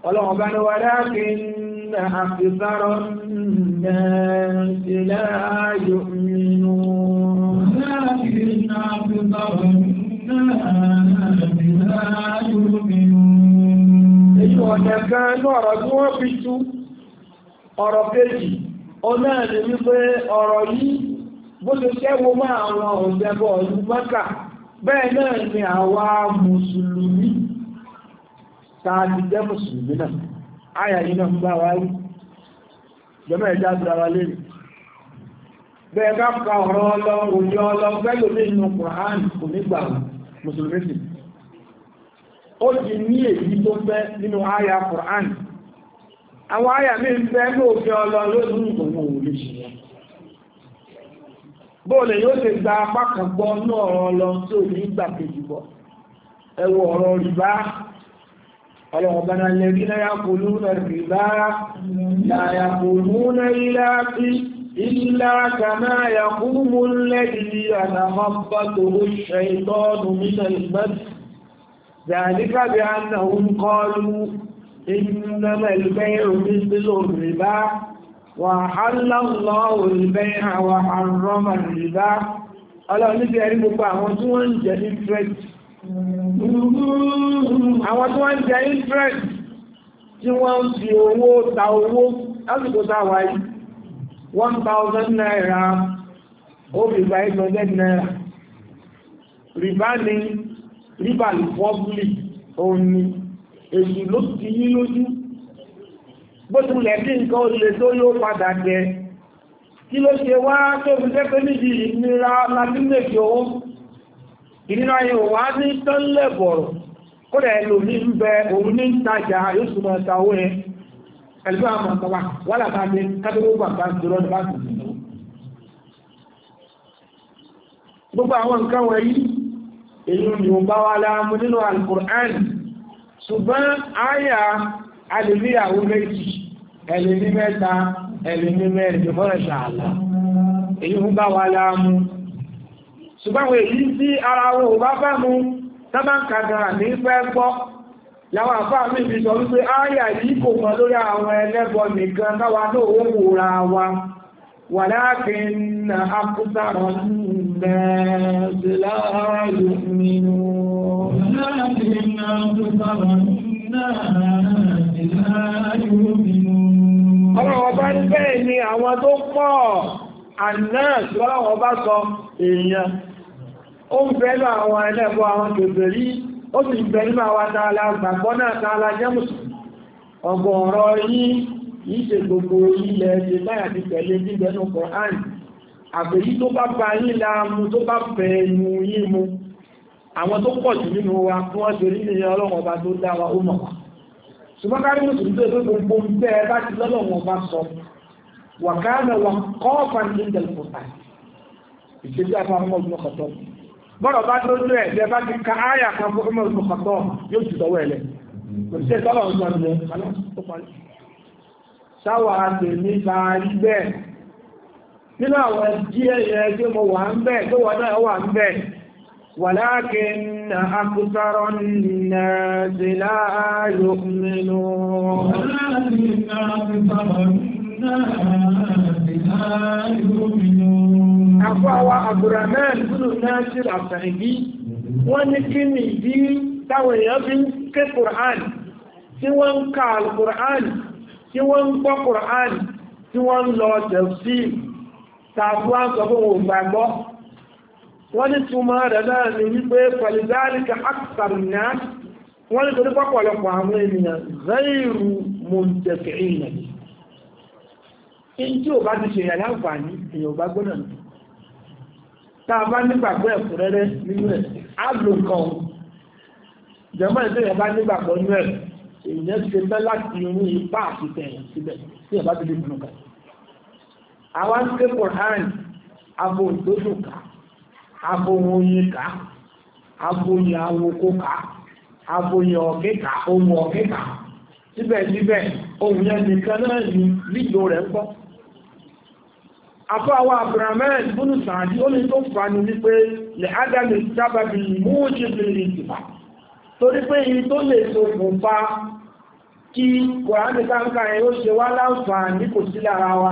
ọlọ́run bá ní wà láàrin àfisáró ìlà yòmínú láàrin àfisáró náà Èyí ọ̀nà inú ọ̀rọ̀ tí wọ́n fi tú ọ̀rọ̀ ó náà ni wípé ọ̀rọ̀ yìí bó ṣe kẹ́wọ́ máa àwọn òṣèbọ̀ ọ̀lú Mẹ́kà, bẹ́ẹ̀ náà ni Mùsùlùmí, tààdì jẹ́ Mùsùlùmí náà, ó ti ní èyí tó fẹ́ nínú àyà Qur'an àwọn àyà mi ń fẹ́ ní òfin ọlọ lóòrùn òun òun ṣe wọn bóòlẹ̀ yóò lè gba apá kan gbọ́ náà ọlọ tó ní ìgbà kejì bọ́ ẹwọ ọ̀rọ̀ rìbá ọlọ́wọ́ bára lẹ́rí láyá kòlú náà rìbá láyá kòlú náà ilá sí ilá kàmá yàkúmú lẹ́yìn ànàmọ́bàtò ṣe ìtọ́nù mílẹ̀ ذلك بأنهم قالوا إنما البيع مثل الربا وحل الله البيع وحرم الربا ọlọ́run níbi ẹ̀rí gbogbo àwọn tí wọ́n ń jẹ interest àwọn tí wọ́n ń jẹ interest tí wọ́n ń fi owó ta owó lásìkò táwà yìí one thousand naira ó fi gba eight hundred naira rìbá ni ríbà ní pọ́blì òun ni èyí ló ti yí lójú bó ti lẹ̀ kí nǹkan ó lè tó yóò padà jẹ kí ló ṣe wá tó fi jẹ́ pé níbi ìnira látínlẹ̀kì owó ìnira yìí wá ní tánlẹ̀ bọ̀rọ̀ kó rẹ̀ lò ní ń bẹ òun ní ìtajà yóò súnmọ́ ẹ̀ta owó yẹn ẹ̀lẹ́gbẹ́ àwọn ọmọ wa wà látà ní kátóló bàbá ìdúró ní bá sì gbogbo àwọn nǹkan wọ̀nyí èyí ni ó bá wá láàmú nínú al-Qur'an ṣùgbọ́n àyà alìríyàwó méjì ẹ̀lẹ́ni mẹ́ta ẹ̀lẹ́ni mẹ́rin tó mọ́rẹ̀ ṣàlá èyí ń bá wá láàmú ṣùgbọ́n èyí tí ara wọn ò bá bá mú sábà ń ní fẹ́ gbọ́ láwọn àfá fi sọ wípé ááyà yìí kò mọ lórí àwọn ẹlẹ́bọ nìkan káwa náà ó wòra wa wà láàkín na akúsàrọ̀ nínú الناس لا يؤمنون ولكن أكثر الناس ọ̀rọ̀ ọba ń bẹ́ẹ̀ ni àwọn tó pọ̀ ànáàs lọ́wọ́ ọba sọ èèyàn ó ń bẹ́ẹ̀ lọ àwọn ẹlẹ́bọ̀ àwọn kèfèrí ó sì bẹ̀ẹ́ nínú àwọn tààlà gbàgbọ́ náà tààlà jẹ́mùsù ọgbọ̀n ọ̀rọ̀ yìí yìí ṣe gbogbo àgbèyí tó bá bá yíla mu tó bá bẹ̀ ẹnu yí mu àwọn tó pọ̀ jù nínú wa fún wọ́n ṣe ọlọ́run ọba tó dá wa ó mọ̀ wá ṣùgbọ́n ká rí mùsùlùmí tó pé gbogbo ń bẹ́ ẹ bá ti lọ́lọ́run ọba sọ wà ká lọ wà kọ́ fàǹdì ń tẹ̀lé fòtà ìṣèjú àfọwọ́n ọmọ ọdún ọkọ̀tọ́ bọ́rọ̀ bá tó lé ẹ̀ bẹ́ẹ̀ bá ti ka nínú àwọn díẹ̀ yẹ tí mo wà ń bẹ̀ tó wọ́n náà wà ń bẹ̀ walakin akthara an-nas la yu'minun Àfáwà Abdurrahman Bùnú Nasir Àfàìbí, wọ́n ní kí ni ìdí táwọn èèyàn fi ń ké Kùrán, tí wọ́n ń ka al tí wọ́n ń gbọ́ Kùrán, tí wọ́n ń lọ tẹ̀síì tààtù wá ń sọ fún òun gbàgbọ́ wọ́n ní túmọ̀ rẹ̀ náà ní wípé pẹ̀lúdáríkà àkàrùnà wọ́n ní torí pọ̀pọ̀lọpọ̀ àwọn ènìyàn zairu mọ̀tẹ̀fẹ̀ ìyẹn tí ò bá ti ṣe ìyàlá àǹfààní èèyàn ò bá gbọ́nà nù tá a bá nígbàgbọ́ ẹ̀kúnrẹ́rẹ́ nínú ẹ̀ á lò kan jẹ́mọ́ ẹ̀ àwa ń ké Quran abo ìdójú ká abo oyin ká abo oyin awoko ká abo oyin ọ̀kẹ́ ká ohun ọ̀kẹ́ ká síbẹ̀síbẹ̀ ohun yẹn nìkan náà ní lílo rẹ̀ ń bọ́. Afọ́ àwọn Abdulrahman Bùnú Sàádì ó ní tó fani wípé lè Ádámì sábàbí múùjì bìrì ìdìbà. Torí pé iye tó lè ṣokùnfà kí Kòránì káńkà yẹn ó ṣe wá láǹfààní kò sí lára wa.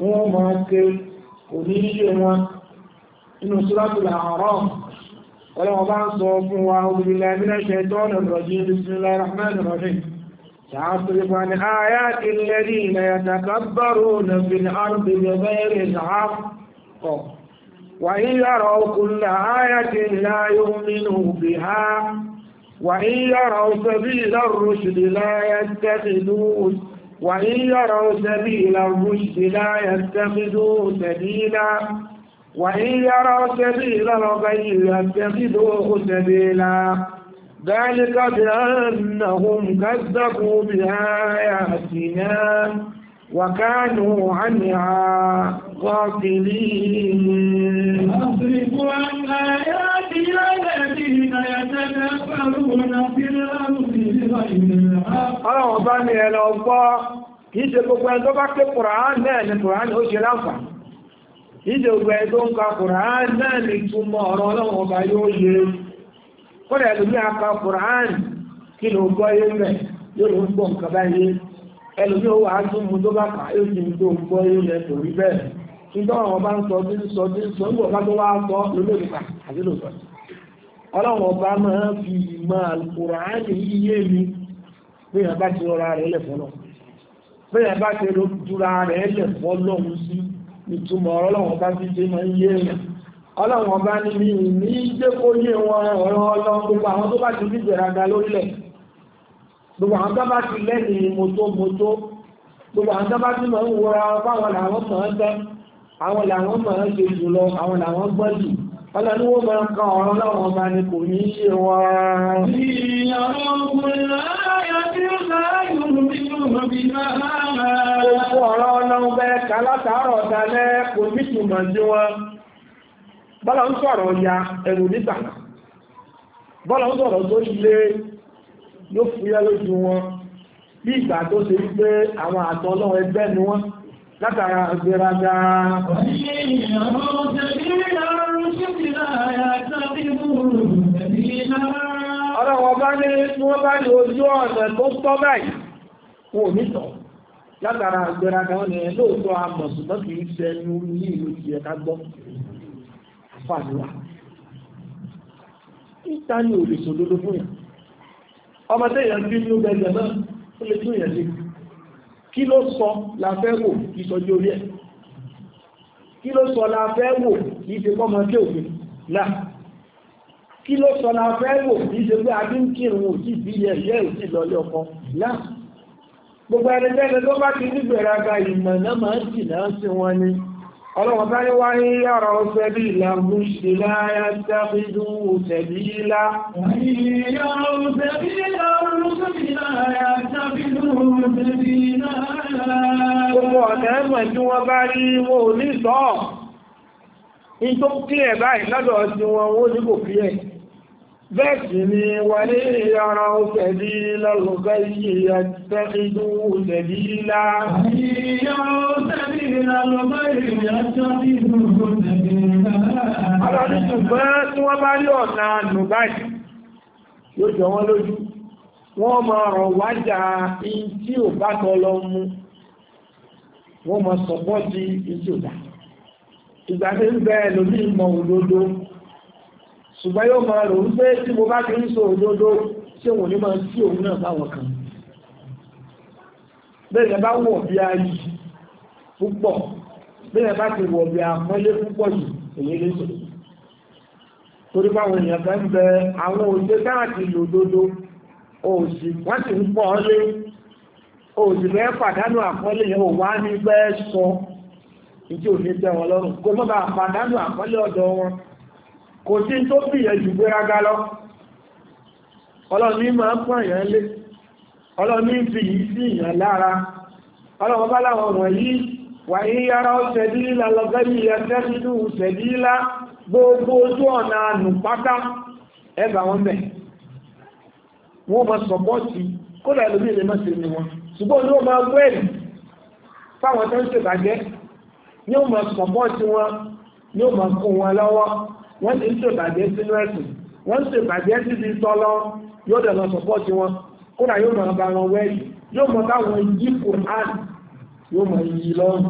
wọ́n máa ké oníyíyé wọn inú suratul A'raf ọlọ́wọ́ bá ń sọ fún wa obìnrin mina shaytanir rajim bismillahir rahmanir rahim تعصرف عن آيات الذين يتكبرون في الأرض بغير الحق وإن يروا كل آية لا يؤمنوا بها وإن يروا سبيل الرشد لا يتخذون وإن يروا سبيل الرشد لا يتخذوه سبيلا وإن يروا سبيل الغي يتخذوه سبيلا ذلك بأنهم كذبوا بآياتنا وكانوا عنها غافلين عن آياتي الذين يتكبرون في الأرض بغير الحق يا الله gbogbo ẹ̀ tó bá ké kùrán náà ni kùrán ó ṣe láǹfà kìí gbogbo ẹ̀ tó ń ka kùrán náà ni ọ̀rọ̀ ọba yóò ẹ̀lú ní ẹlùmí ó wà á tún mú tó bá kà é ti tó ń gbọ́ ilẹ̀ kò rí bẹ́ẹ̀ nígbà wọn bá ń sọ bí ń sọ bí ń sọ nígbà wọn bá tó wá sọ lólórí pa àti lòsọ ọlọ́run ọba máa ń fi ìmọ̀ àlùkùránì iye mi bí ẹ̀ bá ti rọra rẹ̀ lẹ̀ fọ́lọ́ bí ẹ̀ bá ti rọra rẹ̀ lẹ̀ fọ́lọ́ sí ìtumọ̀ ọlọ́run ọba ti ṣe máa ń yé èèyàn ọlọ́run ọba ní mi ní jẹ́ wọn ọ̀rọ̀ ọlọ́run gbogbo àwọn tó bá ti lẹ́nu mọ́tò mọ́tò gbogbo àwọn tó bá ti mọ̀ ń wọra làwọn ń tẹ́ àwọn làwọn ń ṣe jù lọ àwọn làwọn gbọ́ jù wọ́n máa kan ọ̀rọ̀ láwọn ọba ni kò ní ṣe wọ́n. Gbogbo ọ̀rọ̀ ọlọ́run bẹ́ẹ̀ ká na wọn. Bọ́lá ń sọ̀rọ̀ ya ẹ̀rù nígbà. Bọ́lá ń yóò fúyẹ́ lójú wọn bí ìgbà tó ṣe pé àwọn àtọ́ ọlọ́run ẹgbẹ́ ni wọ́n látara ìgbéraga ọlọ́wọ́ bá ní tí wọ́n bá ní ojú ọ̀nà tó tọ́ báyìí wọn ò nítọ̀ látara ìgbéraga wọn ni ẹ lóòótọ́ àmọ̀ ṣùgbọ́n kì í ṣe ẹnu ní ìlú ti ẹ̀ka gbọ́ fàdúrà ìta ni òlèṣòdodo fún yàn ọmọ tẹ́yàn bí inú bẹ̀rẹ̀ náà ó lè tún yẹn sí kí ló sọ la fẹ́ wò kì í sọjú orí ẹ̀ kí ló sọ la fẹ́ wò kì í ṣe pọ́ máa ké òfin náà kí ló sọ la fẹ́ wò kì í ṣe pé a bí ń kírun òjì bí yẹ ìyẹ́ òjì lọlé ọkọ náà gbogbo ẹni tẹ́lẹ̀ tó bá ti nígbèrè aga ìmọ̀ náà máa ń jìnnà sí wọn ni ọlọ́wọ́ bá ní wáyé yára ọ̀sẹ̀ bí ìlàmú ṣe láyá tàbídú sẹ̀bílá gbogbo ọ̀nà ẹ̀mọ̀ tí wọ́n bá rí wọ́n ò ní sọ́ in tó kílẹ̀ báyìí lọ́dọ̀ ní kò kílẹ̀ bẹ́ẹ̀ sì ni wáyé yára ọ̀sẹ̀ bí lọ́lọ́gbẹ́ yìí àti Ọlọ́run ṣùgbọ́n tí wọ́n bá rí ọ̀nà Nùbáyì yóò jọ wọ́n lójú, wọ́n máa rọ̀ wájà in tí ò bá tọ́ lọ mú, wọ́n máa sọ̀pọ̀ sí in tí ò dá. Ìgbà tí ń bẹ lórí ìmọ̀ òdodo, ṣùgbọ́n yóò máa rò wípé tí mo bá ti ń sọ òdodo, ṣé wọ́n ní máa tí òun náà báwọn kan. Bẹ́ẹ̀ bá wọ̀ bí a yìí púpọ̀ bí ẹ bá ti wọ̀ bí àmọ́lé púpọ̀ yìí èyí lè sọ torí báwọn èèyàn fẹ́ ń bẹ àwọn òṣè káàkiri lòdodo òsì wọ́n sì ń pọ̀ lé òsì fẹ́ pàdánù àkọlé yẹn ò wá ní bẹ́ sọ ìdí òní tẹ́ wọn lọ́rùn kó mọ́ bá pàdánù àkọlé ọ̀dọ̀ wọn kò sí tó bìyẹn jù gbéraga lọ ọlọ́ni máa ń pọ̀ yẹn lé ọlọ́ni fi yìí sí ìyàn lára ọlọ́wọ́ bá láwọn wọ̀nyí wàyí yára ó sẹ̀dílà lọ́gẹ́rì ẹ̀tẹ́sìdù sẹ̀dílà gbogbo ojú ọ̀nà ànùpátá ẹgbà wọn bẹ̀ wọ́n ma sọ̀pọ́tì kódà lórí ilẹ̀ náà sí ni wọn ṣùgbọ́n ní wọ́n máa gbé ẹ̀rì fáwọn tó ń ṣèbàjẹ́ ní wọ́n ma sọ̀pọ́tì wọn ní wọ́n ma kó wọn lọ́wọ́ wọ́n ti ń ṣèbàjẹ́ sínú ẹ̀sìn wọ́n ń ṣèbàjẹ́ síbi tọ́lọ́ yóò dẹ̀ lọ sọ̀pọ́tì wọn kódà yóò máa bá wọn wẹ́ẹ̀rì yóò mọ yóò mọ̀ yí lọ́rùn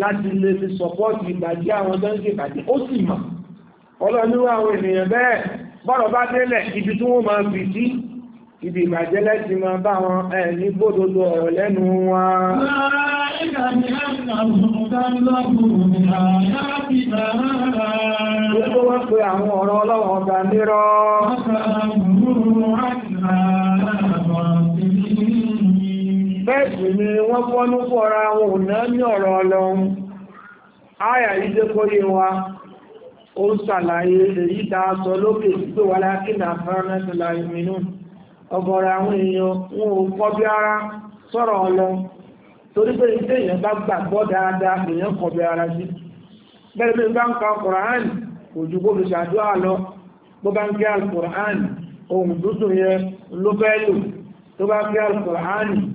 láti lè fi sọ̀pọ́ọ̀tì ìgbàjẹ́ àwọn tó ń ṣe ìgbàjẹ́ ó sì mọ̀ ọlọ́núwà àwọn ènìyàn bẹ́ẹ̀ bọ́rọ̀ bá délẹ̀ ibi tí wọ́n máa fi sí ibi ìgbàjẹ́ lẹ́ti máa bá wọn ẹ̀ ní gbódodo ọ̀rọ̀ lẹ́nu wọn. bẹ́ẹ̀sì ni wọ́n fọ́nú fọ́ra wọn ò náà ní ọ̀rọ̀ ọlọ́run ayà wa ó ń sàlàyé èyí ta sọ lókè tó wà lákínà fẹ́rẹ́sìlá ìmìnú ọgọ́rọ̀ àwọn èèyàn wọn ò kọ́ bí ara sọ̀rọ̀ ọlọ́run torí pé ilé èèyàn bá gbàgbọ́ dáadáa èèyàn bí ara sí bẹ́ẹ̀ bá ń ka Qur'an fi ṣàdúrà lọ bó bá ń kí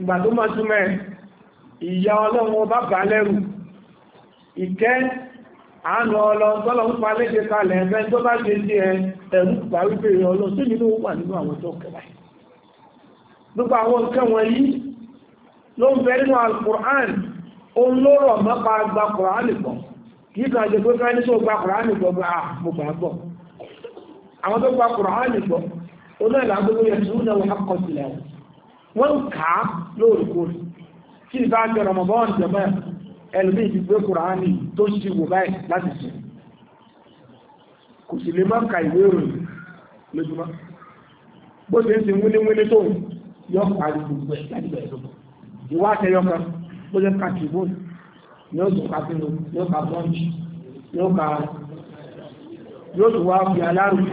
ìgbà tó máa túnmẹ̀ ìyá ọlọ́run ọba bà lẹ́rù ìkẹ́ àánú ọlọ́run pa léṣe kalẹ̀ ẹ̀fẹ́ tó bá ṣe sí ẹ ẹ̀rù gbà wípé ọlọ́run tó nínú wà nínú àwọn tó kẹwàá gbogbo àwọn nǹkan wọ̀nyí ló ń bẹ nínú alukur'an òun ló rọ̀ mọ́pa gba kur'an pọ̀ kì í kan ó náà wọ́n á sílẹ̀ wọn wọ́n ń kà á lóòrèkóòrè tí ìbá jẹ́ rọmọbọ́n jẹ́mọ́ ẹlùmí ti gbé kùránì tó ṣí wò báyìí láti ṣe kò sì lè máa ka ìwé ìròyìn lójúmọ́ bó ṣe ń sin wíléwílé tó yọ parí gbogbo ẹ̀ láti bẹ̀rẹ̀ lọ́pọ̀ ìwá àtẹyọ bó ṣe ń ka tìbó yóò tún ka sínú yóò ka bọ́ǹjì yóò ka yóò tún wá fi alárùn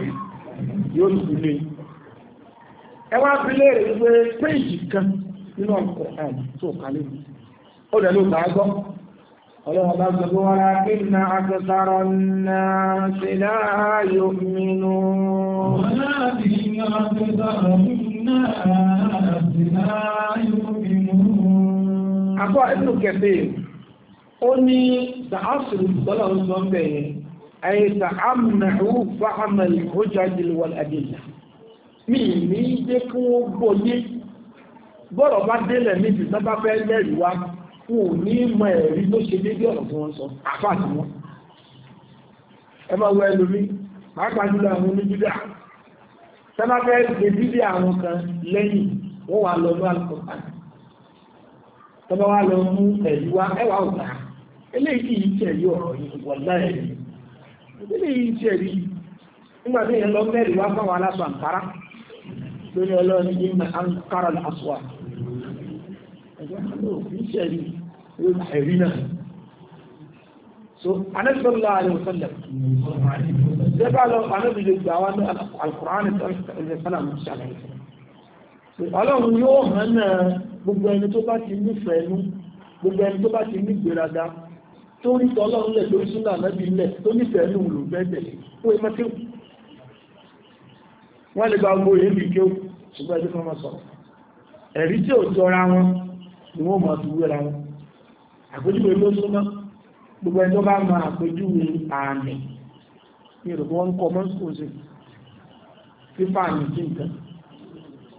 yóò tún lè ẹ wá fi léèrè pé péjì kan nínú ọkọ̀ ẹ̀ tó kálé mi ó dẹ̀ ló bá gbọ́ ọlọ́wọ́ bá gbọ́ bí wọ́n na akẹ́sàrọ̀ náà ṣe láàyò mínú. mínú. akọ́ ẹ̀sùn kẹfẹ́ ó ní sàásùrù tọ́lá ń sọ bẹ́ẹ̀ ayé mi ní jẹ́ kí wọ́n gbọ́yé bọ́rọ̀ bá délẹ̀ níbi tó bá fẹ́ lẹ́rìí wá wọn ò ní mọ ẹ̀rí tó ṣe déédé ọ̀rọ̀ tí wọ́n sọ àfáà tí wọ́n ẹ máa wọ ẹlòmí pàápàá jùlọ àwọn oníbídà tẹ́lá fẹ́ ṣe bíbí àwọn kan lẹ́yìn wọ́n wà lọ ní alùpùpù tọ́lá wà lọ mú ẹ̀rí wá ẹwà ọ̀gá eléyìí yìí tẹ̀lé ọ̀rọ̀ yìí wọ̀ láyé eléyìí tẹ̀lé nígbà tí èèyàn lọ mẹ́rin wá fáwọn aláṣọ àǹkárá lórí ọlọ́rin ní ìmọ̀ àǹkárà àṣùwà so anẹ́sọ́lá alẹ́wọ̀sọ́lẹ̀ jẹ́bà lọ anẹ́bìlẹ̀ gbàwà ní alkùránì tọ́lẹ̀sọ́lá mọ̀ṣàlẹ̀ ọlọ́run yóò hàn náà gbogbo ẹni tó bá ti ní fẹ̀ẹ́nú gbogbo ẹni tó bá ti ní gbèrada tó rí tọ́lọ́run lẹ̀ lórí súnà lẹ́bí lẹ̀ tó ní fẹ̀ẹ́nú lò bẹ́ẹ̀ ṣùgbọ́n ẹjú fún ọmọ sọ̀rọ̀ ẹ̀rí tí ò jọra wọn ni wọ́n mọ̀ sí wéra wọn àpèjúwe ló súnmọ́ gbogbo ẹjọ́ bá mọ àpèjúwe àmì ní ìrùbọ́ wọn kọ́ mọ́ sùkúl sí fífà àmì sí nǹkan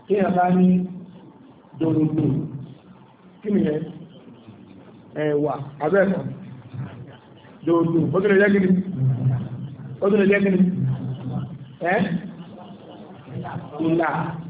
kí ẹ̀ bá ní dòròdò kí ni ẹ̀wà abẹ́ẹ̀kan dòròdò ó tún lè jẹ́ kí ni ó tún lè jẹ́ kí ni ẹ́ ìlà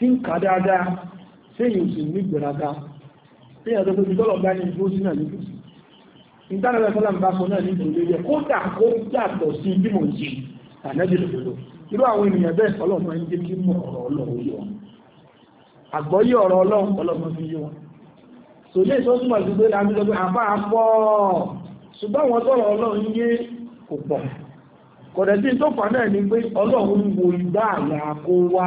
tí ń kà dáadáa séyìn òsì ní ìgbéraga séyìn àtọ́kọ́ ti tọ́lọ̀ bá ní ìgbó sí náà nígbò sí ìtànàbẹ̀ fọ́lá ń bá sọ náà ní ìgbòlé yẹ kó dà kó yàtọ̀ sí bí mò ń ṣe tànẹ́bì lòdòdò irú àwọn ènìyàn bẹ́ẹ̀ ọlọ́run ń jẹ́ kí mọ̀ ọ̀rọ̀ ọlọ́run yọ àgbọ́yé ọ̀rọ̀ ọlọ́run ọlọ́run fi yọ so ilé ìsọ́sùmọ̀ sí pé láti lọ pé àbá pọ̀ ṣùgbọ́n wọn tọrọ ọlọ́run yé kò pọ̀ kọ̀dẹ̀ tí tó fà náà ni pé ọlọ́run wo ìgbà àyà kó wá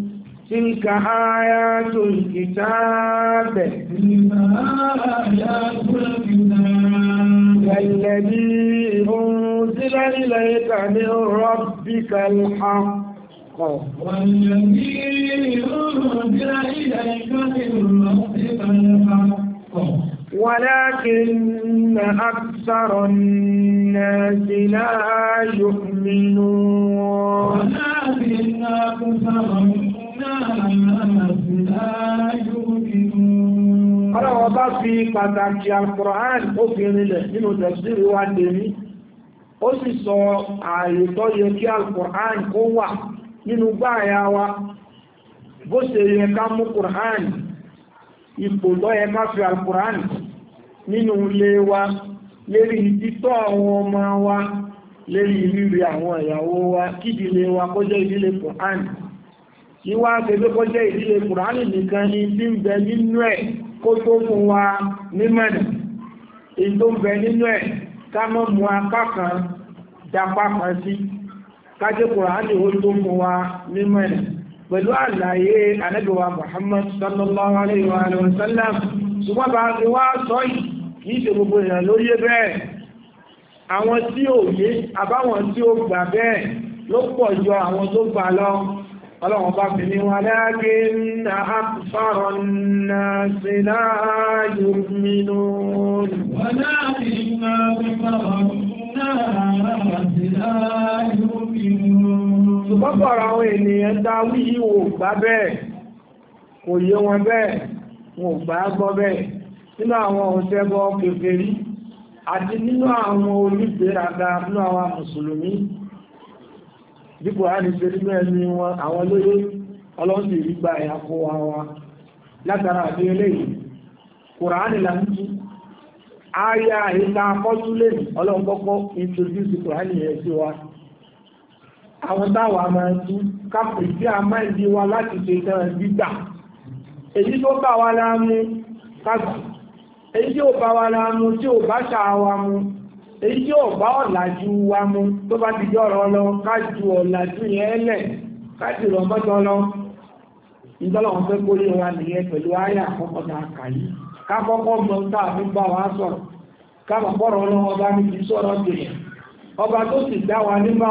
تلك آيات الكتاب الذي أنزل إليك من ربك الحق والذي أنزل إليك من ربك الحق ولكن أكثر الناس لا يؤمنون ولكن أكثر الناس Ọlọ́wọ́ bá fi pàtàkì Al-Qur'an ó fi rinlẹ̀ nínú tẹ̀sírí wá dèmí. Ó sì sọ ààyè yẹ kí Al-Qur'an kó wà nínú gbáyà wa. Bó ṣe yẹ ká mú Qur'an, ipò yẹ ká fi Al-Qur'an nínú ilé wa, lérí títọ́ àwọn ọmọ wa, lérí kí wá ṣe pé kó jẹ́ ìdílé kùránì nìkan ní bí ń bẹ nínú ẹ̀ kó tó fún wa ní mẹ́rin èyí tó ń bẹ nínú ẹ̀ ká mọ́ mú apá kan dapá kan sí kájẹ́ kùránì ó tó fún wa ní mẹ́rin pẹ̀lú àlàyé anẹ́bíwa Muhammad sallallahu alayhi wa sallam ṣùgbọ́n bá ti wá sọ yìí kìí ṣe gbogbo èèyàn ló yé bẹ́ẹ̀ àwọn tí ò yé àbáwọn tí ó gbà bẹ́ẹ̀ ló pọ̀ jọ àwọn tó gbà lọ ọlọ́run bá fi ní wọn aláàgbé na àkùsọ́rọ̀ náà sí láàáyò mínú ṣùgbọ́pọ̀rọ̀ àwọn ènìyàn dá wíyí wò gbá bẹ́ẹ̀ kò yé wọn bẹ́ẹ̀ wọn ò gbá gbọ́ bẹ́ẹ̀ nínú àwọn òṣèbọ̀ kèfèrí àti nínú àwọn olùgbéraga nínú àwọn mùsùlùmí dípò á ní ṣe nínú ẹni wọn àwọn lóyè ọlọ́run sì rí gba ẹ̀yà fún wa wa látara àti eléyìí kùránì là ń ìta akọ́túlé ọlọ́run introduce kùránì yẹn sí wa àwọn táwa máa tú kápù tí a máa di wa láti ṣe tán gbígbà èyí tó bá wa láàmú kágbà èyí tí ò bá wa láàmú tí ò bá ṣàwa mu èyí yóò bá ọ̀làjú wa mú tó bá ti jọ́ ọ̀rọ̀ lọ káàjù ọ̀làjú yẹn lẹ̀ káàjù rọ̀ mọ́jọ́ lọ ìjọ́lọ́wọ́n fẹ́ kó lè wa nìyẹ pẹ̀lú ayà àkọ́kọ́ta àkàyí kápọ́kọ́ mọ́ táà ní bá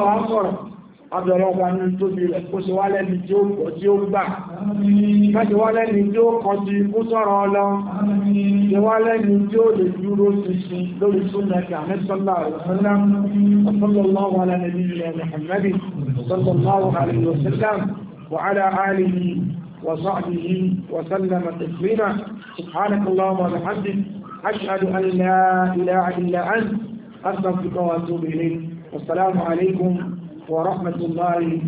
wa sọ̀rọ̀ abẹ̀rọ̀gbà ní rẹ̀ kó ṣe wá lẹ́ni rẹ̀ kó ṣe wá lẹ́ni tí ó kọ̀ tí ó gbà mẹ́ṣe wá lẹ́ni tí ó kọ̀ tí kú sọ́rọ̀ ọlọ́ ṣe wá lẹ́ni tí ó lè dúró ṣinṣin lórí súnmẹ́kì àmẹ́sọ́lá ọ̀sọ́lọ́wọ́ أستغفرك وأتوب إليك والسلام عليكم ورحمة الله